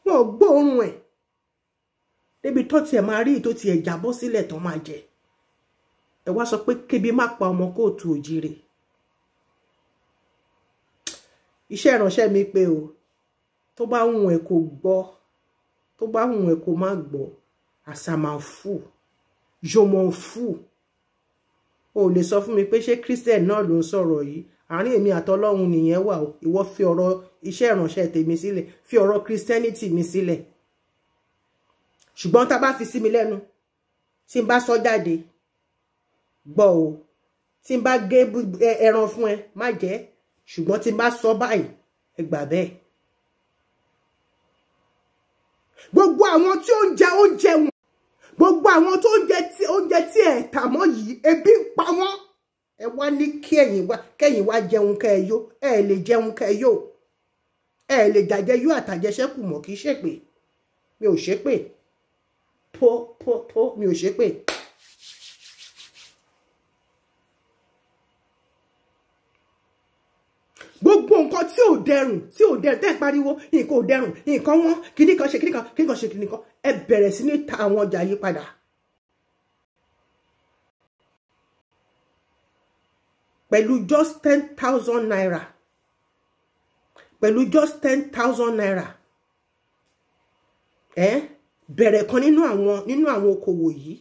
wọn ò gbóòórùn ẹ̀ débi tó tiẹ̀ máa rí tó tiẹ̀ jábọ́ sílẹ̀ tó máa jẹ ẹ wá sọ pé kébi má pa ọmọ kóòtù òjire iṣẹ́ ìránṣẹ́ mi pé o tó bá hùn ẹ̀ kò gbọ́ tó bá hùn ẹ̀ kò má gbọ́ àsàmàfù yọmọfù o lè sọ fún mi pé ṣé christian náà ló ń sọ̀rọ̀ yìí àárín èmi àtọlọ́run nìyẹn wà ìwọ fi ọ̀rọ̀ iṣẹ́ ìránṣẹ́ tèmi sílẹ̀ fi ọ̀rọ̀ christianity mi sílẹ̀ ṣùgbọ́n tá bá fi sí mi lẹ́nu tí n bá sọ jáde gbọ́ o tí n bá gé e, ẹran fún ẹ má jẹ ṣùgbọ́n tí n bá sọ báyìí ẹ gbà bẹ́ẹ̀ gbogbo àwọn tí ó ń jẹ oúnjẹ wọn gbogbo àwọn tó ń jẹ oúnjẹ tí ẹ tà yìí ebi ń pa wọ́n ẹ wá ní kí ẹ̀yin wá kẹ́yìn wá jẹun kẹ́ ẹ yó ẹ lè jẹun kẹ́ ẹ yó ẹ lè jàjẹ yó àtàjẹsẹ́kù mọ́ kì í ṣèpè mi ò ṣépè tó tó tó mi ò ṣépè. gbogbo nǹkan tí ò dẹrùn tí ò dẹrùn tẹ́ ẹ̀ pariwo nǹkan ò dẹrùn nǹkan wọn kìnnìkan ṣe kìnnìkan kìnnìkan ṣe kìnnìkan ẹ bẹ̀rẹ̀ sí ní ta àwọn ọjà yìí padà. pẹ̀lú just ten thousand naira pẹ̀lú just ten thousand naira Eh? bẹ̀rẹ̀ kan nínú àwọn nínú àwọn okòwò yìí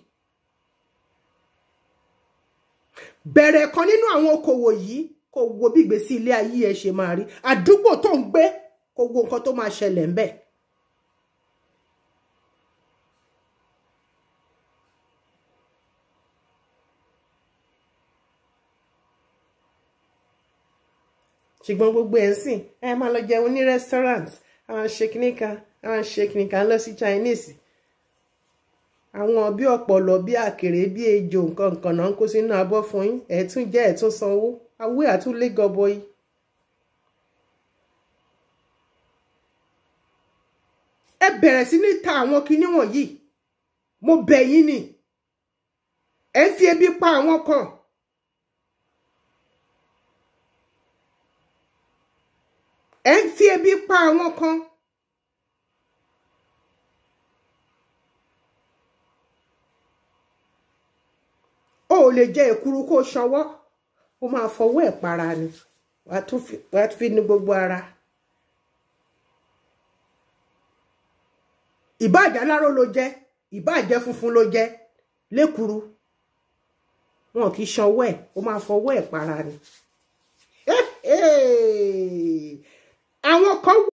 bẹ̀rẹ̀ kan nínú àwọn okòwò yìí kò wo bí ìgbésí ilé ayé ẹ ṣe máa rí àdúgbò tó ń gbé kò wo nǹkan tó máa ṣẹlẹ̀ ń bẹ̀. ṣùgbọ́n gbogbo ẹ̀ ń sìn ẹ máa lọ jẹun ní restaurant àwọn ṣèkìníkà àwọn ṣèkìníkà ń lọ sí Chinese àwọn bí ọ̀pọ̀lọ́ bí àkèrè bí ejò nǹkan nǹkan náà ń kó sínú abọ́ fún yín ẹ̀ tún jẹ́ ẹ̀ tún sanwó awé àtúnlé gọbọi ẹ bẹ̀rẹ̀ sí ní ta àwọn kinní wọ̀nyí mo bẹ̀ yín ni ẹ ń fi ebi pa àwọn kan. ẹ ń fi ebi pa àwọn kan. o ò lè jẹ èkuru kó ṣọwọ́ o máa fọwọ́ ẹ̀ para ni wàá tún fi ní gbogbo ara. ìbáàjẹ́ aláró ló jẹ́ ìbáàjẹ́ funfun ló jẹ́ lékuru wọn kì í ṣọwọ́ ẹ̀ ó máa fọwọ́ ẹ̀ para ni àwọn kan wọ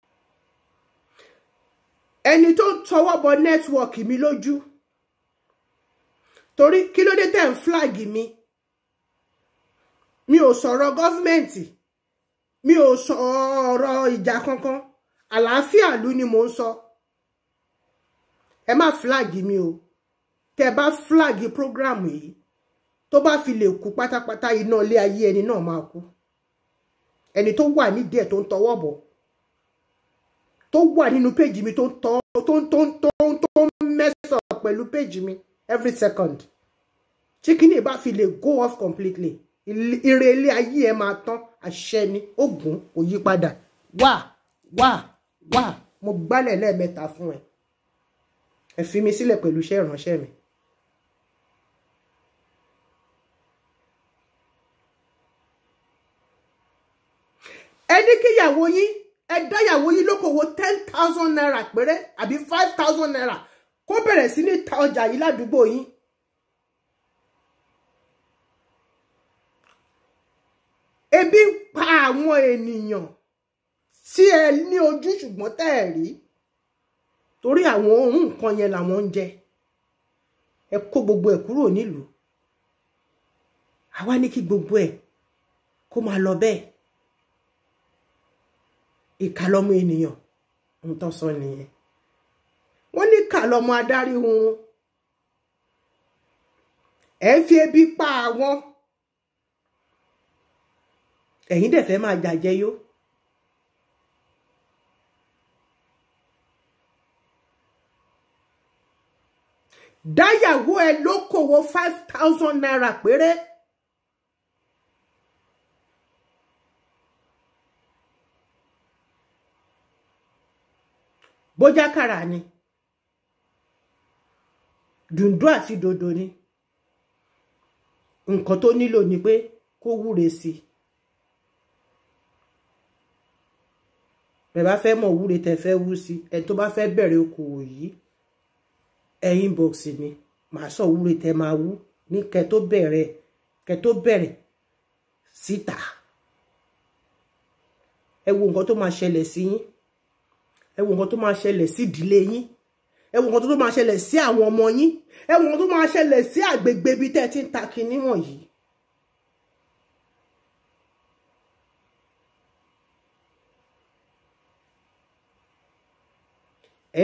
ẹni tó ń tọwọ́ bọ nẹ́tíwọ́ọ̀kì mi lójú torí kí ló dé tẹ̀ ń fúláàgì mi mi ò sọ̀rọ̀ gọ́fímẹ̀ntì mi ò sọ̀rọ̀ ìjà kankan àlàáfíà ìlú ni mò ń sọ ẹ má fúláàgì mi o tẹ bá flagi prógráàmù yìí tó bá fi lè kú pátápátá iná ilé ayé ẹni náà máa kú ẹni tó wà nídìí ẹ̀ tó ń tọwọ́ bọ̀ tó wà nínú péjì mi tó ń tọ́ tó mess up pẹ̀lú péjì mi every second tí kíní bá fi lè go off completely ire ilé ayé ẹ máa tán àṣẹ ni ogun kò yí padà wá wá wá mo gbálẹ̀ lẹ́ẹ̀mẹ́ta fún ẹ ẹ fi mi sílẹ̀ pẹ̀lú iṣẹ́ ìránṣẹ́ mi. ẹ ní kíyàwó yín ẹ dáyàwó yín lókòwò ten thousand naira péré àbí five thousand naira kó bẹ̀rẹ̀ sí ní ta ọjà yìí ládùúgbò yín. ebi ń pa àwọn ènìyàn tí ẹ ní ojú ṣùgbọ́n tẹ́ ẹ rí torí àwọn ohun nǹkan yẹn làwọn ń jẹ ẹ kó gbogbo ẹ kúrò nílùú àwa ní kí gbogbo ẹ kó máa lọ bẹ́ẹ̀ ìkà ènìyàn ohun tó sọ nìyẹn wọ́n ní ìkà lọmọ adarí oorun ẹ ń fi ebi pa àwọn ẹ̀yin dẹ̀ fẹ́ máa jàjẹ yó. dáyàwó ẹ lókòwò five thousand naira péré. bójá kàrà ni dùndú àti dòdò ni nǹkan tó nílò ni pé kó wúre sí i bẹ́ẹ̀ bá fẹ́ mọ̀ wúre tẹ́ fẹ́ wú sí ẹni tó bá fẹ́ bẹ̀rẹ̀ okòwò yìí ẹ̀yìn bọ́ọ̀sì ni màá sọ wúre tẹ́ máa wú ní kẹ́ tó bẹ̀rẹ̀ kẹ́ tó bẹ̀rẹ̀ síta ẹ wo nǹkan tó máa ṣẹlẹ̀ sí yín ẹ wo nǹkan tó máa ṣẹlẹ̀ sí ìdílé yín ẹ wo nǹkan tó máa ṣẹlẹ̀ sí àwọn ọmọ yín ẹ wo nǹkan tó máa ṣẹlẹ̀ sí àgbègbè ibi tẹ́ ẹ ti ń ta kinní wọ̀nyí.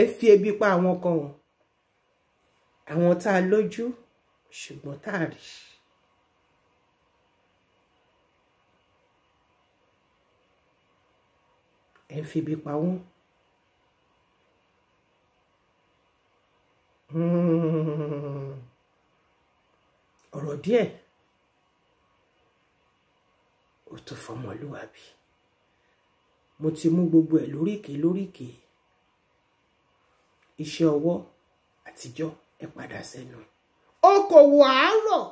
ẹ fi ebi pa àwọn kan o àwọn tá a lójú ṣùgbọ́n tá a rí. ẹ fi ebi pa wọ́n. Hmm. ọ̀rọ̀ díẹ̀ ó tó fọmọlúwàbí mo ti mú gbogbo ẹ̀ lóríkèé lóríkèé iṣẹ́ ọwọ́ àtijọ́ ẹ padà sẹ́nu okòwò àárọ̀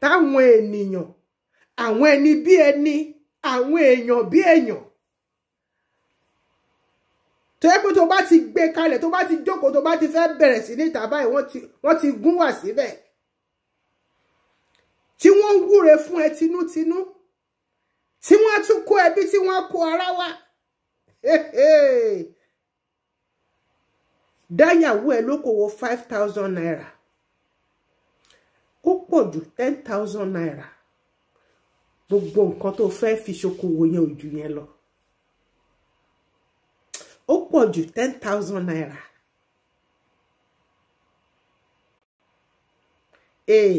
táwọn ènìyàn àwọn ẹni bí ẹni àwọn èèyàn bí èèyàn tó yẹ pé tó bá ti gbé kalẹ̀ tó bá ti jókòó tó bá ti fẹ́ bẹ̀rẹ̀ sí ní ìta báyìí wọ́n ti gún wà síbẹ̀ tí wọ́n ń wúre fún ẹ tinútinú tí wọ́n tún kó ẹbí tí wọ́n kó ara wá dáyàwó ẹ lókòwò five thousand naira ó pọ̀ ju ten thousand naira gbogbo nǹkan tó fẹ́ fi ṣokòwò yẹn ò ju yẹn lọ ó pọ̀ ju ten thousand naira. ee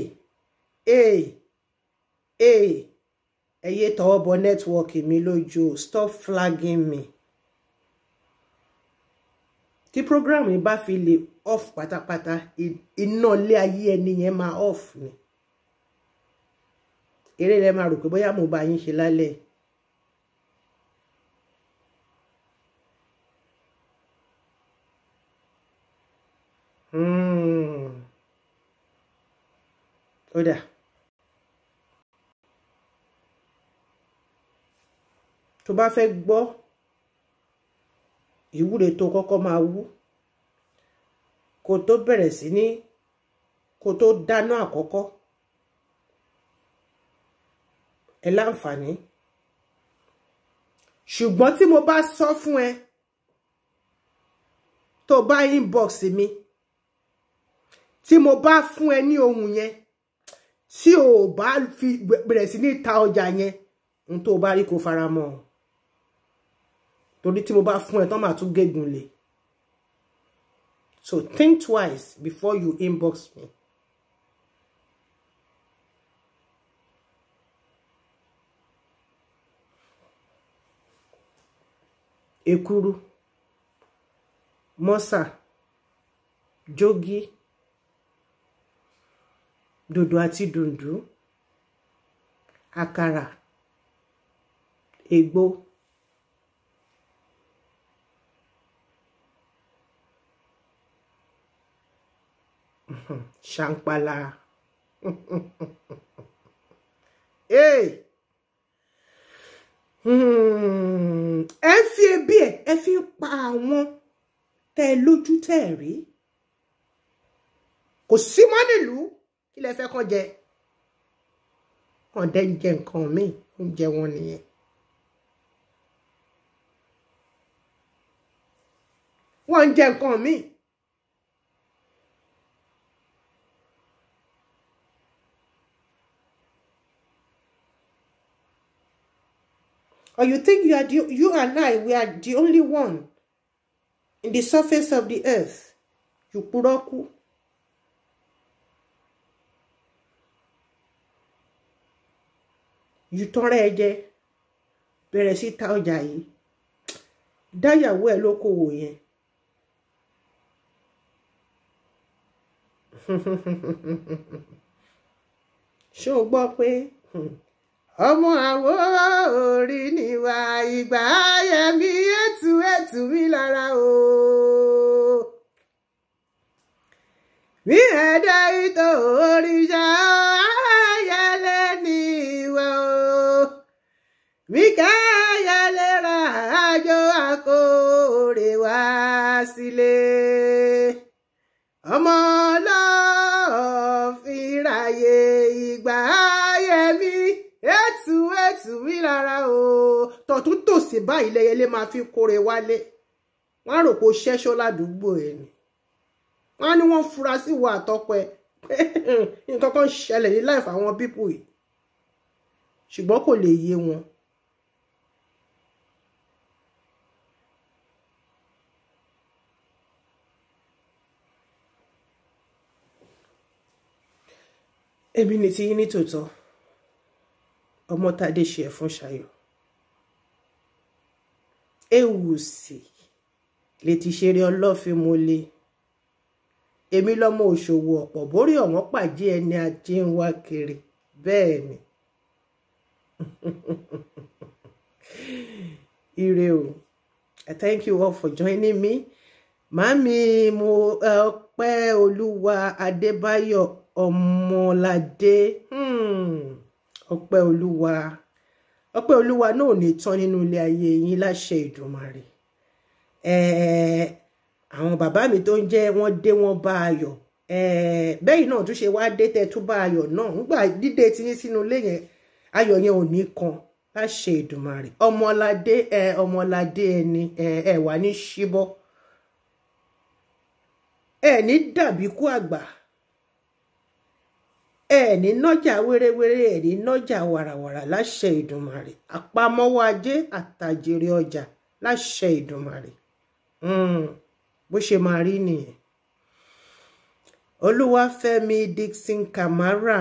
ee ee ẹ yé tọwọ́ bọ nẹ́tíwọ́ọ̀kì mi lójú stop flagging me tí program yìí bá fi lè off pátápátá iná ilé ayé ẹni yẹn máa off ni eré rẹ máa rò pé bóyá mo bá yín ṣe lálẹ́ ó dà. tó bá fẹ́ gbọ́ ìwúre tó kọ́kọ́ máa wú kó tó bẹ̀rẹ̀ sí ní kó tó dáná àkọ́kọ́ ẹ láǹfààní ṣùgbọ́n tí mo bá sọ fún ẹ tó bá inbox mi tí mo bá fún ẹ ní ohun yẹn tí o bá fi bẹ̀rẹ̀ sí ní ta ọjà yẹn n tó bá rí kó fara mọ́ torí mo bá fún ẹ tán màá tún gégùn lé so think twice before you inbox me. ekuru mọ́sà jogi dòdò àti dùndú akara ègbò ṣàǹpalà hey. hmm. ẹ fi ebi ẹ ẹ fi pa àwọn tẹ lójú tẹ rí kò sí mọ́ nílùú kí lẹ fẹ́ kàn jẹ kàn dẹ́ ń jẹ nǹkan míì oúnjẹ wọn nìyẹn. wọ́n ń jẹ nǹkan míì. Or you think you are the, you and I we are the only one in the surface of the earth you purọ́ kú. ju tọ́rẹ́ ẹ jẹ bẹ̀rẹ̀ sí ta ọjà yìí dáyàwó ẹ lókòwò yẹn ṣó o gbọ́ pé ọmọ àwo orí níwà ìgbà ayẹmí ètù ètù mi lára o. mi ẹ̀dá ìtò oríṣà. Mikaya lè ra àjọ akóore wá sílé ọmọ ọlọ́ọ̀fìráyè ìgbà ayẹmí ètù ètù mi rárá o tọ̀tún tòsí báyìí lẹ́yẹlé máa fi kóre wálé wọ́n rò pé ó ṣẹ́ṣọ́ ládùúgbò ẹ̀ ni wọ́n ní wọ́n fura sí ìwà àtọ́pẹ́ nǹkan kan ṣẹlẹ̀ ní láìfà àwọn pípù yìí ṣùgbọ́n kò lè yé wọn ẹbí ni ti yín ní tòótọ́ ọmọ tàdé ṣe ẹ̀fún ṣayọ̀ ewu sì lè ti ṣeré ọlọ́fin mo le èmi lọ́mọ òṣòwò ọ̀pọ̀ borí ọ̀wọ́n pàjé ẹni ajé ń wá kiri bẹ́ẹ̀ ni ire o I thank you all for joining me màámi mo ọpẹ́ olúwa adébáyọ̀ ọmọládé hmm. ọpẹ́ olúwa ọpẹ́ olúwa náà ò ní tán nínú ilé ayé yín láṣẹ ìdùmarè àwọn bàbá mi tó ń jẹ́ wọ́n dé wọ́n bá ayọ̀ bẹ́yìn náà tún ṣe wá dé tẹ́ tún bá ayọ̀ náà nígbà dídé tiyín sínú ilé yẹn ayọ̀ yẹn ò ní kan láṣẹ ìdùmarè ọmọládé ọmọládé ẹni ẹ wà ní ṣíbọ ẹ ní dàbíkú àgbà. ẹni nọ́jà wérewére ẹni nọ́jà warawara láṣẹ ìdùnmàrè àpamọ́wọ́ ajé àtàjèrè ọjà láṣẹ ìdùnmàrè hmm, bó ṣe máa rí nìyẹn olúwàfẹ́mi dixon camara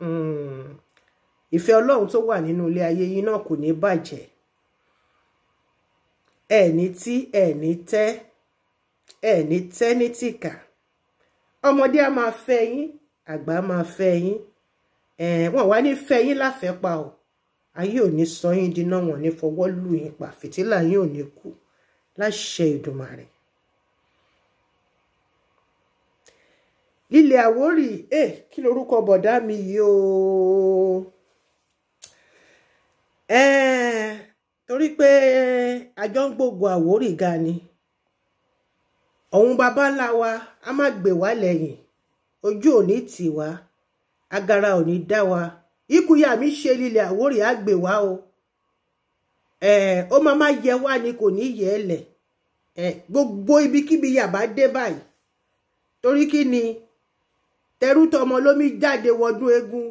hmm, ìfẹ́ tó wà nínú ilé ayé yìí náà kò ní tí àgbà máa fẹ́ yín wọ́n wá ní fẹ́ yín láfẹ́pa o ayé ò ní sọ yín dínà wọ́n ní fọwọ́ lù yín pa fìtílà yín ò ní kú láṣẹ Ìdùmarè. lílẹ̀ àwórì ẹ̀ kí lorúkọ bọ̀dá mi yìí o torí pé àjọ ń gbogbo àwórì ga ni ọ̀hún baba ńlá wa a má gbè wá lẹ́yìn ojú ò tì wá agara ò ní dá wa ikuya mi ṣe lílẹ̀ àwórì àgbè wá o ẹ ó máa má yẹ wá ni kò ní yẹ ẹ lẹ ẹ gbogbo ibikíbi yàbá dé báyìí torí kí ni tẹrú tọmọ lómi jáde wọdún eégún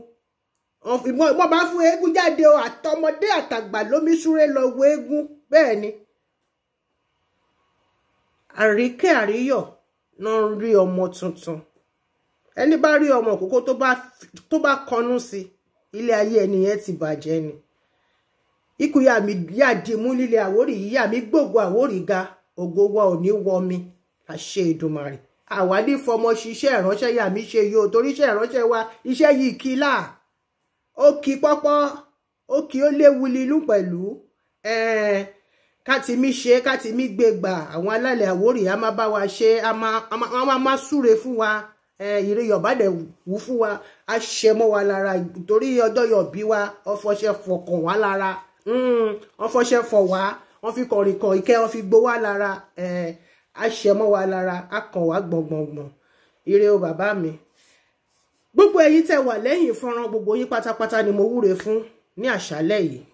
ìmọ̀ bá fún eégún jáde o àtọmọdé àtàgbà lómi súré lọ wo eégún bẹ́ẹ̀ ni àríkẹ́ àríyọ̀ náà rí ọmọ tuntun ẹni bá rí ọmọ òkókó tó bá kọnú sí ilé ayé ẹni yẹn ti bàjẹ́ ni ikú ya mi yáàdì mú líle àwórì yìí ya mi gbògo àwórì ga ògo wa ò ní wọ mi àṣẹ Èdùmàrè àwádìí fọmọ ṣiṣẹ́ ìránṣẹ́ ya mi ṣe yóò torí iṣẹ́ ìránṣẹ́ wa iṣẹ́ yìí kí là ó kí pọ́pọ́ ó kí ó léwu lílù pẹ̀lú káti mi ṣe káti mi gbé gbà àwọn alálẹ̀ àwórì a máa bá wa ṣe a máa súre fún wa ire yorùbá dẹ̀ wú fún wa a ṣe mọ́ wa lára torí ọjọ́ yọ̀bí wa ọfọṣẹ fọkàn wá lára hmm, ọfọṣẹ fọ wá wọ́n fi kọ̀rìnkàn ìkẹ́ wọ́n fi gbó wá lára a ṣe mọ́ wa lára a kàn wá gbọ̀ngbọ̀ngbọ̀n ire o bàbá mi gbogbo ẹ̀yin tẹ́ wà lẹ́yìn fọ́nrán gbogbo yín pátápátá ni mo wúre fún ní àṣálẹ́ yìí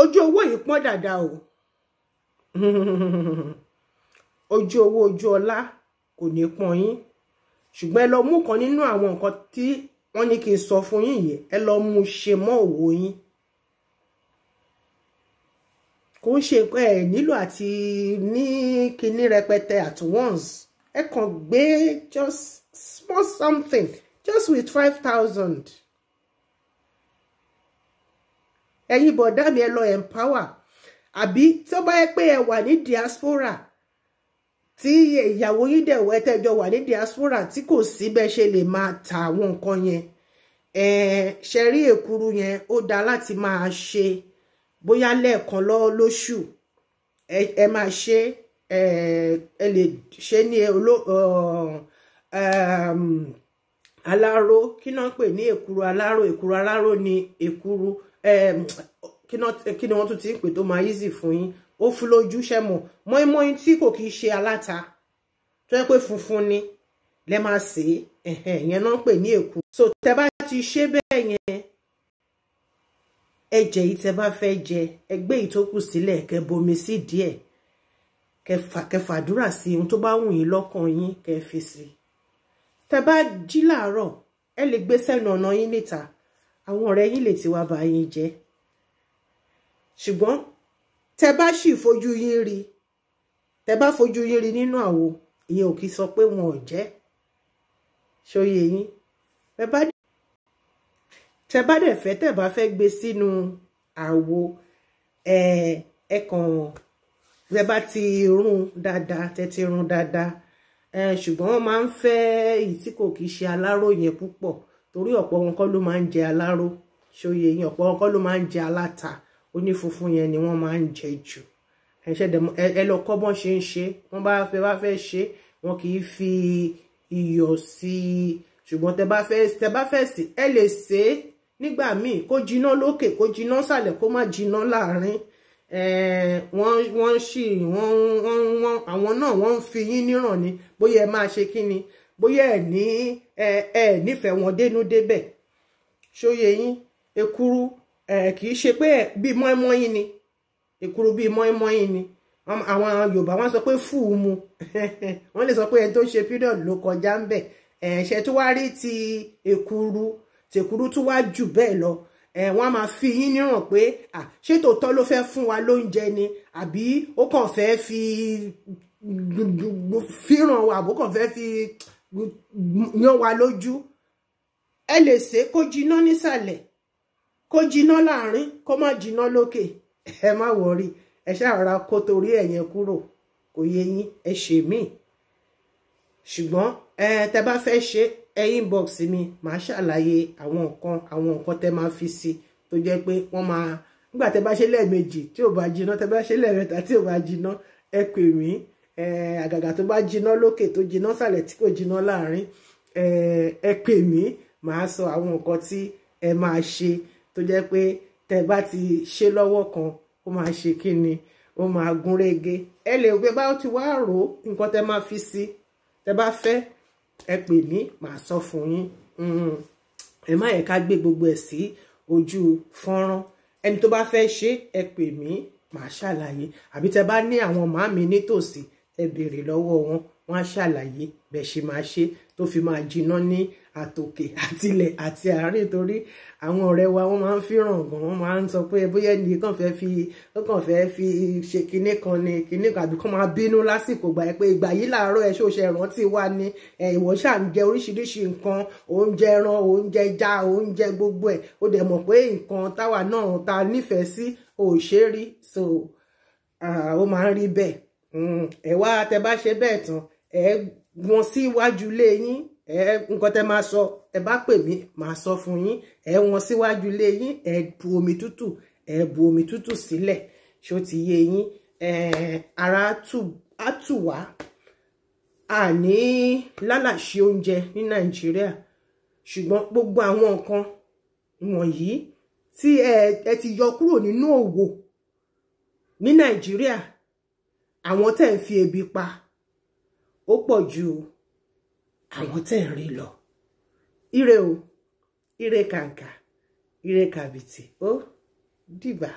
ojú owó yìí pọ́n dàda o ojú owó ojú ọlá kò ní pọ́n yín ṣùgbọ́n ẹ lọ mú kan nínú àwọn nǹkan tí wọ́n ní kí n sọ fún yín yẹn ẹ lọ mú ṣe mọ́ òwò yín kò ń ṣe ẹ nílò àti ní kinní rẹpẹtẹ at once ẹ kàn gbé just small something just with five thousand ẹ̀yin bọ̀dá mi ẹ lọ empower àbí tó bá yẹ pé ẹ wà ní diaspora tí ìyàwó yín dẹ̀ wẹ́ tẹ́jọ wà ní diaspora tí kò sí bẹ́ẹ̀ ṣe lè máa ta àwọn nǹkan yẹn ṣe rí èkuru yẹn ó dáa láti máa ṣe bóyá lẹ́ẹ̀kan lọ́ọ́ lóṣù ẹ máa ṣe ẹ lè ṣe ní mm, aláró kí náà pè ní èkuru aláró èkuru aláró ni èkuru mm, kí ni tún ti ń pè tó máa easy fún yín ó fún lójú mo mo mọ́ínmọ́ín tí kò kí ṣe alata tó yẹ pé funfun ni lẹ máa sè é ìyẹn náà ń pè ní èkú so tẹ bá ti ṣe bẹ́ẹ̀ yẹn ẹ̀jẹ̀ yìí tẹ bá fẹ́ jẹ ẹgbẹ́ yìí tó kù sílẹ̀ kẹ bomi sí díẹ̀ kẹ fàdúrà sí ohun tó bá wù yín lọ́kàn yín kẹ fi sí tẹ bá jí làárọ̀ ẹ lè gbé sẹ́nu ọ̀nà yín níta àwọn ọ̀rẹ́ yín lè ti wá bá yín jẹ ṣùgbọ́n tẹ bá sì fojú yín rí tẹ bá fojú yín rí nínú àwo ìyẹn ò kì í sọ pé wọn ò jẹ́ ṣòye yín tẹ bá dẹ̀ fẹ́ tẹ bá fẹ́ gbé sínú àwo ẹ kàn tẹ bá ti rún dáadáa tẹ ti rún dáadáa ṣùgbọ́n wọ́n máa ń fẹ́ èyí tí kò kì ṣe aláró yẹn torí ọ̀pọ̀ wọn kọ́ ló máa ń jẹ aláró ṣòye yín ọ̀pọ̀ wọn kọ́ ló máa ń jẹ aláta oní funfun yẹn ni wọ́n máa ń jẹ jù ẹ lọ kọ́ bọ́n ṣe ń ṣe wọ́n bá fẹ́ bá fẹ́ ṣe wọn kì í fi iyọ̀ sí i ṣùgbọ́n tẹ bá fẹ́ tẹ bá fẹ́ sí ẹ lè ṣe é nígbà míì kó jiná lókè kó jiná sàlẹ̀ kó má jiná láàrin wọ́n wọ́n sì wọ́n wọ́n wọ́n àwọn náà wọ́n ń fi yín níràn ni bóyá ẹ máa ṣe kí ni eh, ẹ ní ẹ nífẹ̀ẹ́ wọn dénú débẹ̀ ṣóyè yín ekuru kì í ṣe pé bíi mọ́ínmọ́ín ni èkuru bíi mọ́ínmọ́ín ni àwọn Yorùbá wọn sọ pé fùú mu wọn lè sọ pé ẹni tó ń ṣe period ló kọjá ń bẹ ṣe tó wá rí ti èkuru tèkuru tó wá jù bẹ́ẹ̀ lọ wọn máa fi yín níràn pé ṣé tòótọ́ ló fẹ́ fún wa lóúnjẹ ni àbí ó kàn fẹ́ fi fíràn wa àbó kàn fẹ́ fi yan wa lójú ẹ lè ṣe kó jiná nísàlẹ̀ kó jiná láàrin kó má jiná lókè ẹ má wọrí ẹ ṣàrà kó torí ẹ yẹn kúrò kò yẹ yín ẹ ṣe míì ṣùgbọ́n ẹ tẹ bá fẹ́ ṣe ẹ inbox mi màá ṣàlàyé àwọn nǹkan àwọn nǹkan tẹ máa fi sí tó jẹ́ pé wọ́n máa nígbà tẹ bá ṣe lẹ́ẹ̀mejì tí ò bá jiná tẹ bá ṣe lẹ́ẹ̀mẹ́ta tí ò bá jiná ẹ pè mí àgàgà tó bá jiná lókè tó jiná sàlẹ̀ tí kò jiná láàrin ẹ pè mí màá sọ àwọn nǹkan tí ẹ máa ṣe tó jẹ́ pé tẹ́ bá ti ṣe lọ́wọ́ kan ó máa ṣe kí ni ó máa gún régé ẹ lè gbé bá ó ti wá rò ó nǹkan tẹ́ máa fi sí tẹ́ bá fẹ́ ẹ pè mí màá sọ fún yín mm-hmm. ẹ má yẹ ká gbé gbogbo ẹ̀ sí ojú fọ́nrán ẹni tó bá fẹ́ ṣe ẹ pè mí màá ṣàlàyé àbí tẹ́ bá ní àwọn màmí nítòsí ẹ béèrè lọ́wọ́ wọn wọn á ṣàlàyé bẹ́ẹ̀ ṣe máa ṣe tó fi máa jiná ní àtòkè àtilẹ̀ àti àárín torí àwọn ọ̀rẹ́ wa wọ́n máa ń fìràn gan wọ́n máa ń sọ pé bóyá ẹnì kan fẹ́ fi ó kàn fẹ́ fi ṣe kinní kan ni kinní kan àbí kàn máa bínú lásìkò gbà yẹn pé ìgbà yìí làárọ̀ ẹ̀ ṣòṣe ìrántí wa ni ìwọ ṣáà ń jẹ oríṣiríṣi nǹkan oúnjẹ ẹran oúnjẹ já oúnjẹ gbogbo ẹ̀ ó dẹ̀ mọ̀ pé nǹkan táwa náà ta nífẹ̀ẹ́ sí òṣèré so ó máa ń rí bẹ́ẹ̀ hmm, ẹ wá tẹ bá ṣe bẹ́ẹ̀ tán ẹ wọn sí iwájú yín ẹ nǹkan tẹ máa sọ ẹ bá pè mí máa sọ fún yín ẹ wọn síwájú ilé yín ẹ bu omi tútù ẹ bu omi tútù sílẹ̀ ṣó ti yé yín ara á tù wá a ní lálàṣe oúnjẹ ní nàìjíríà ṣùgbọ́n gbogbo àwọn nǹkan wọ̀nyí tí ẹ ti yọ kúrò nínú òwò ní nàìjíríà àwọn tẹ̀ ń fi ebi pa ó pọ̀ jù o àwọn ah. tẹ́ ń rí lọ ire o ire kàǹkà ire kàbìtì ó dìgbà.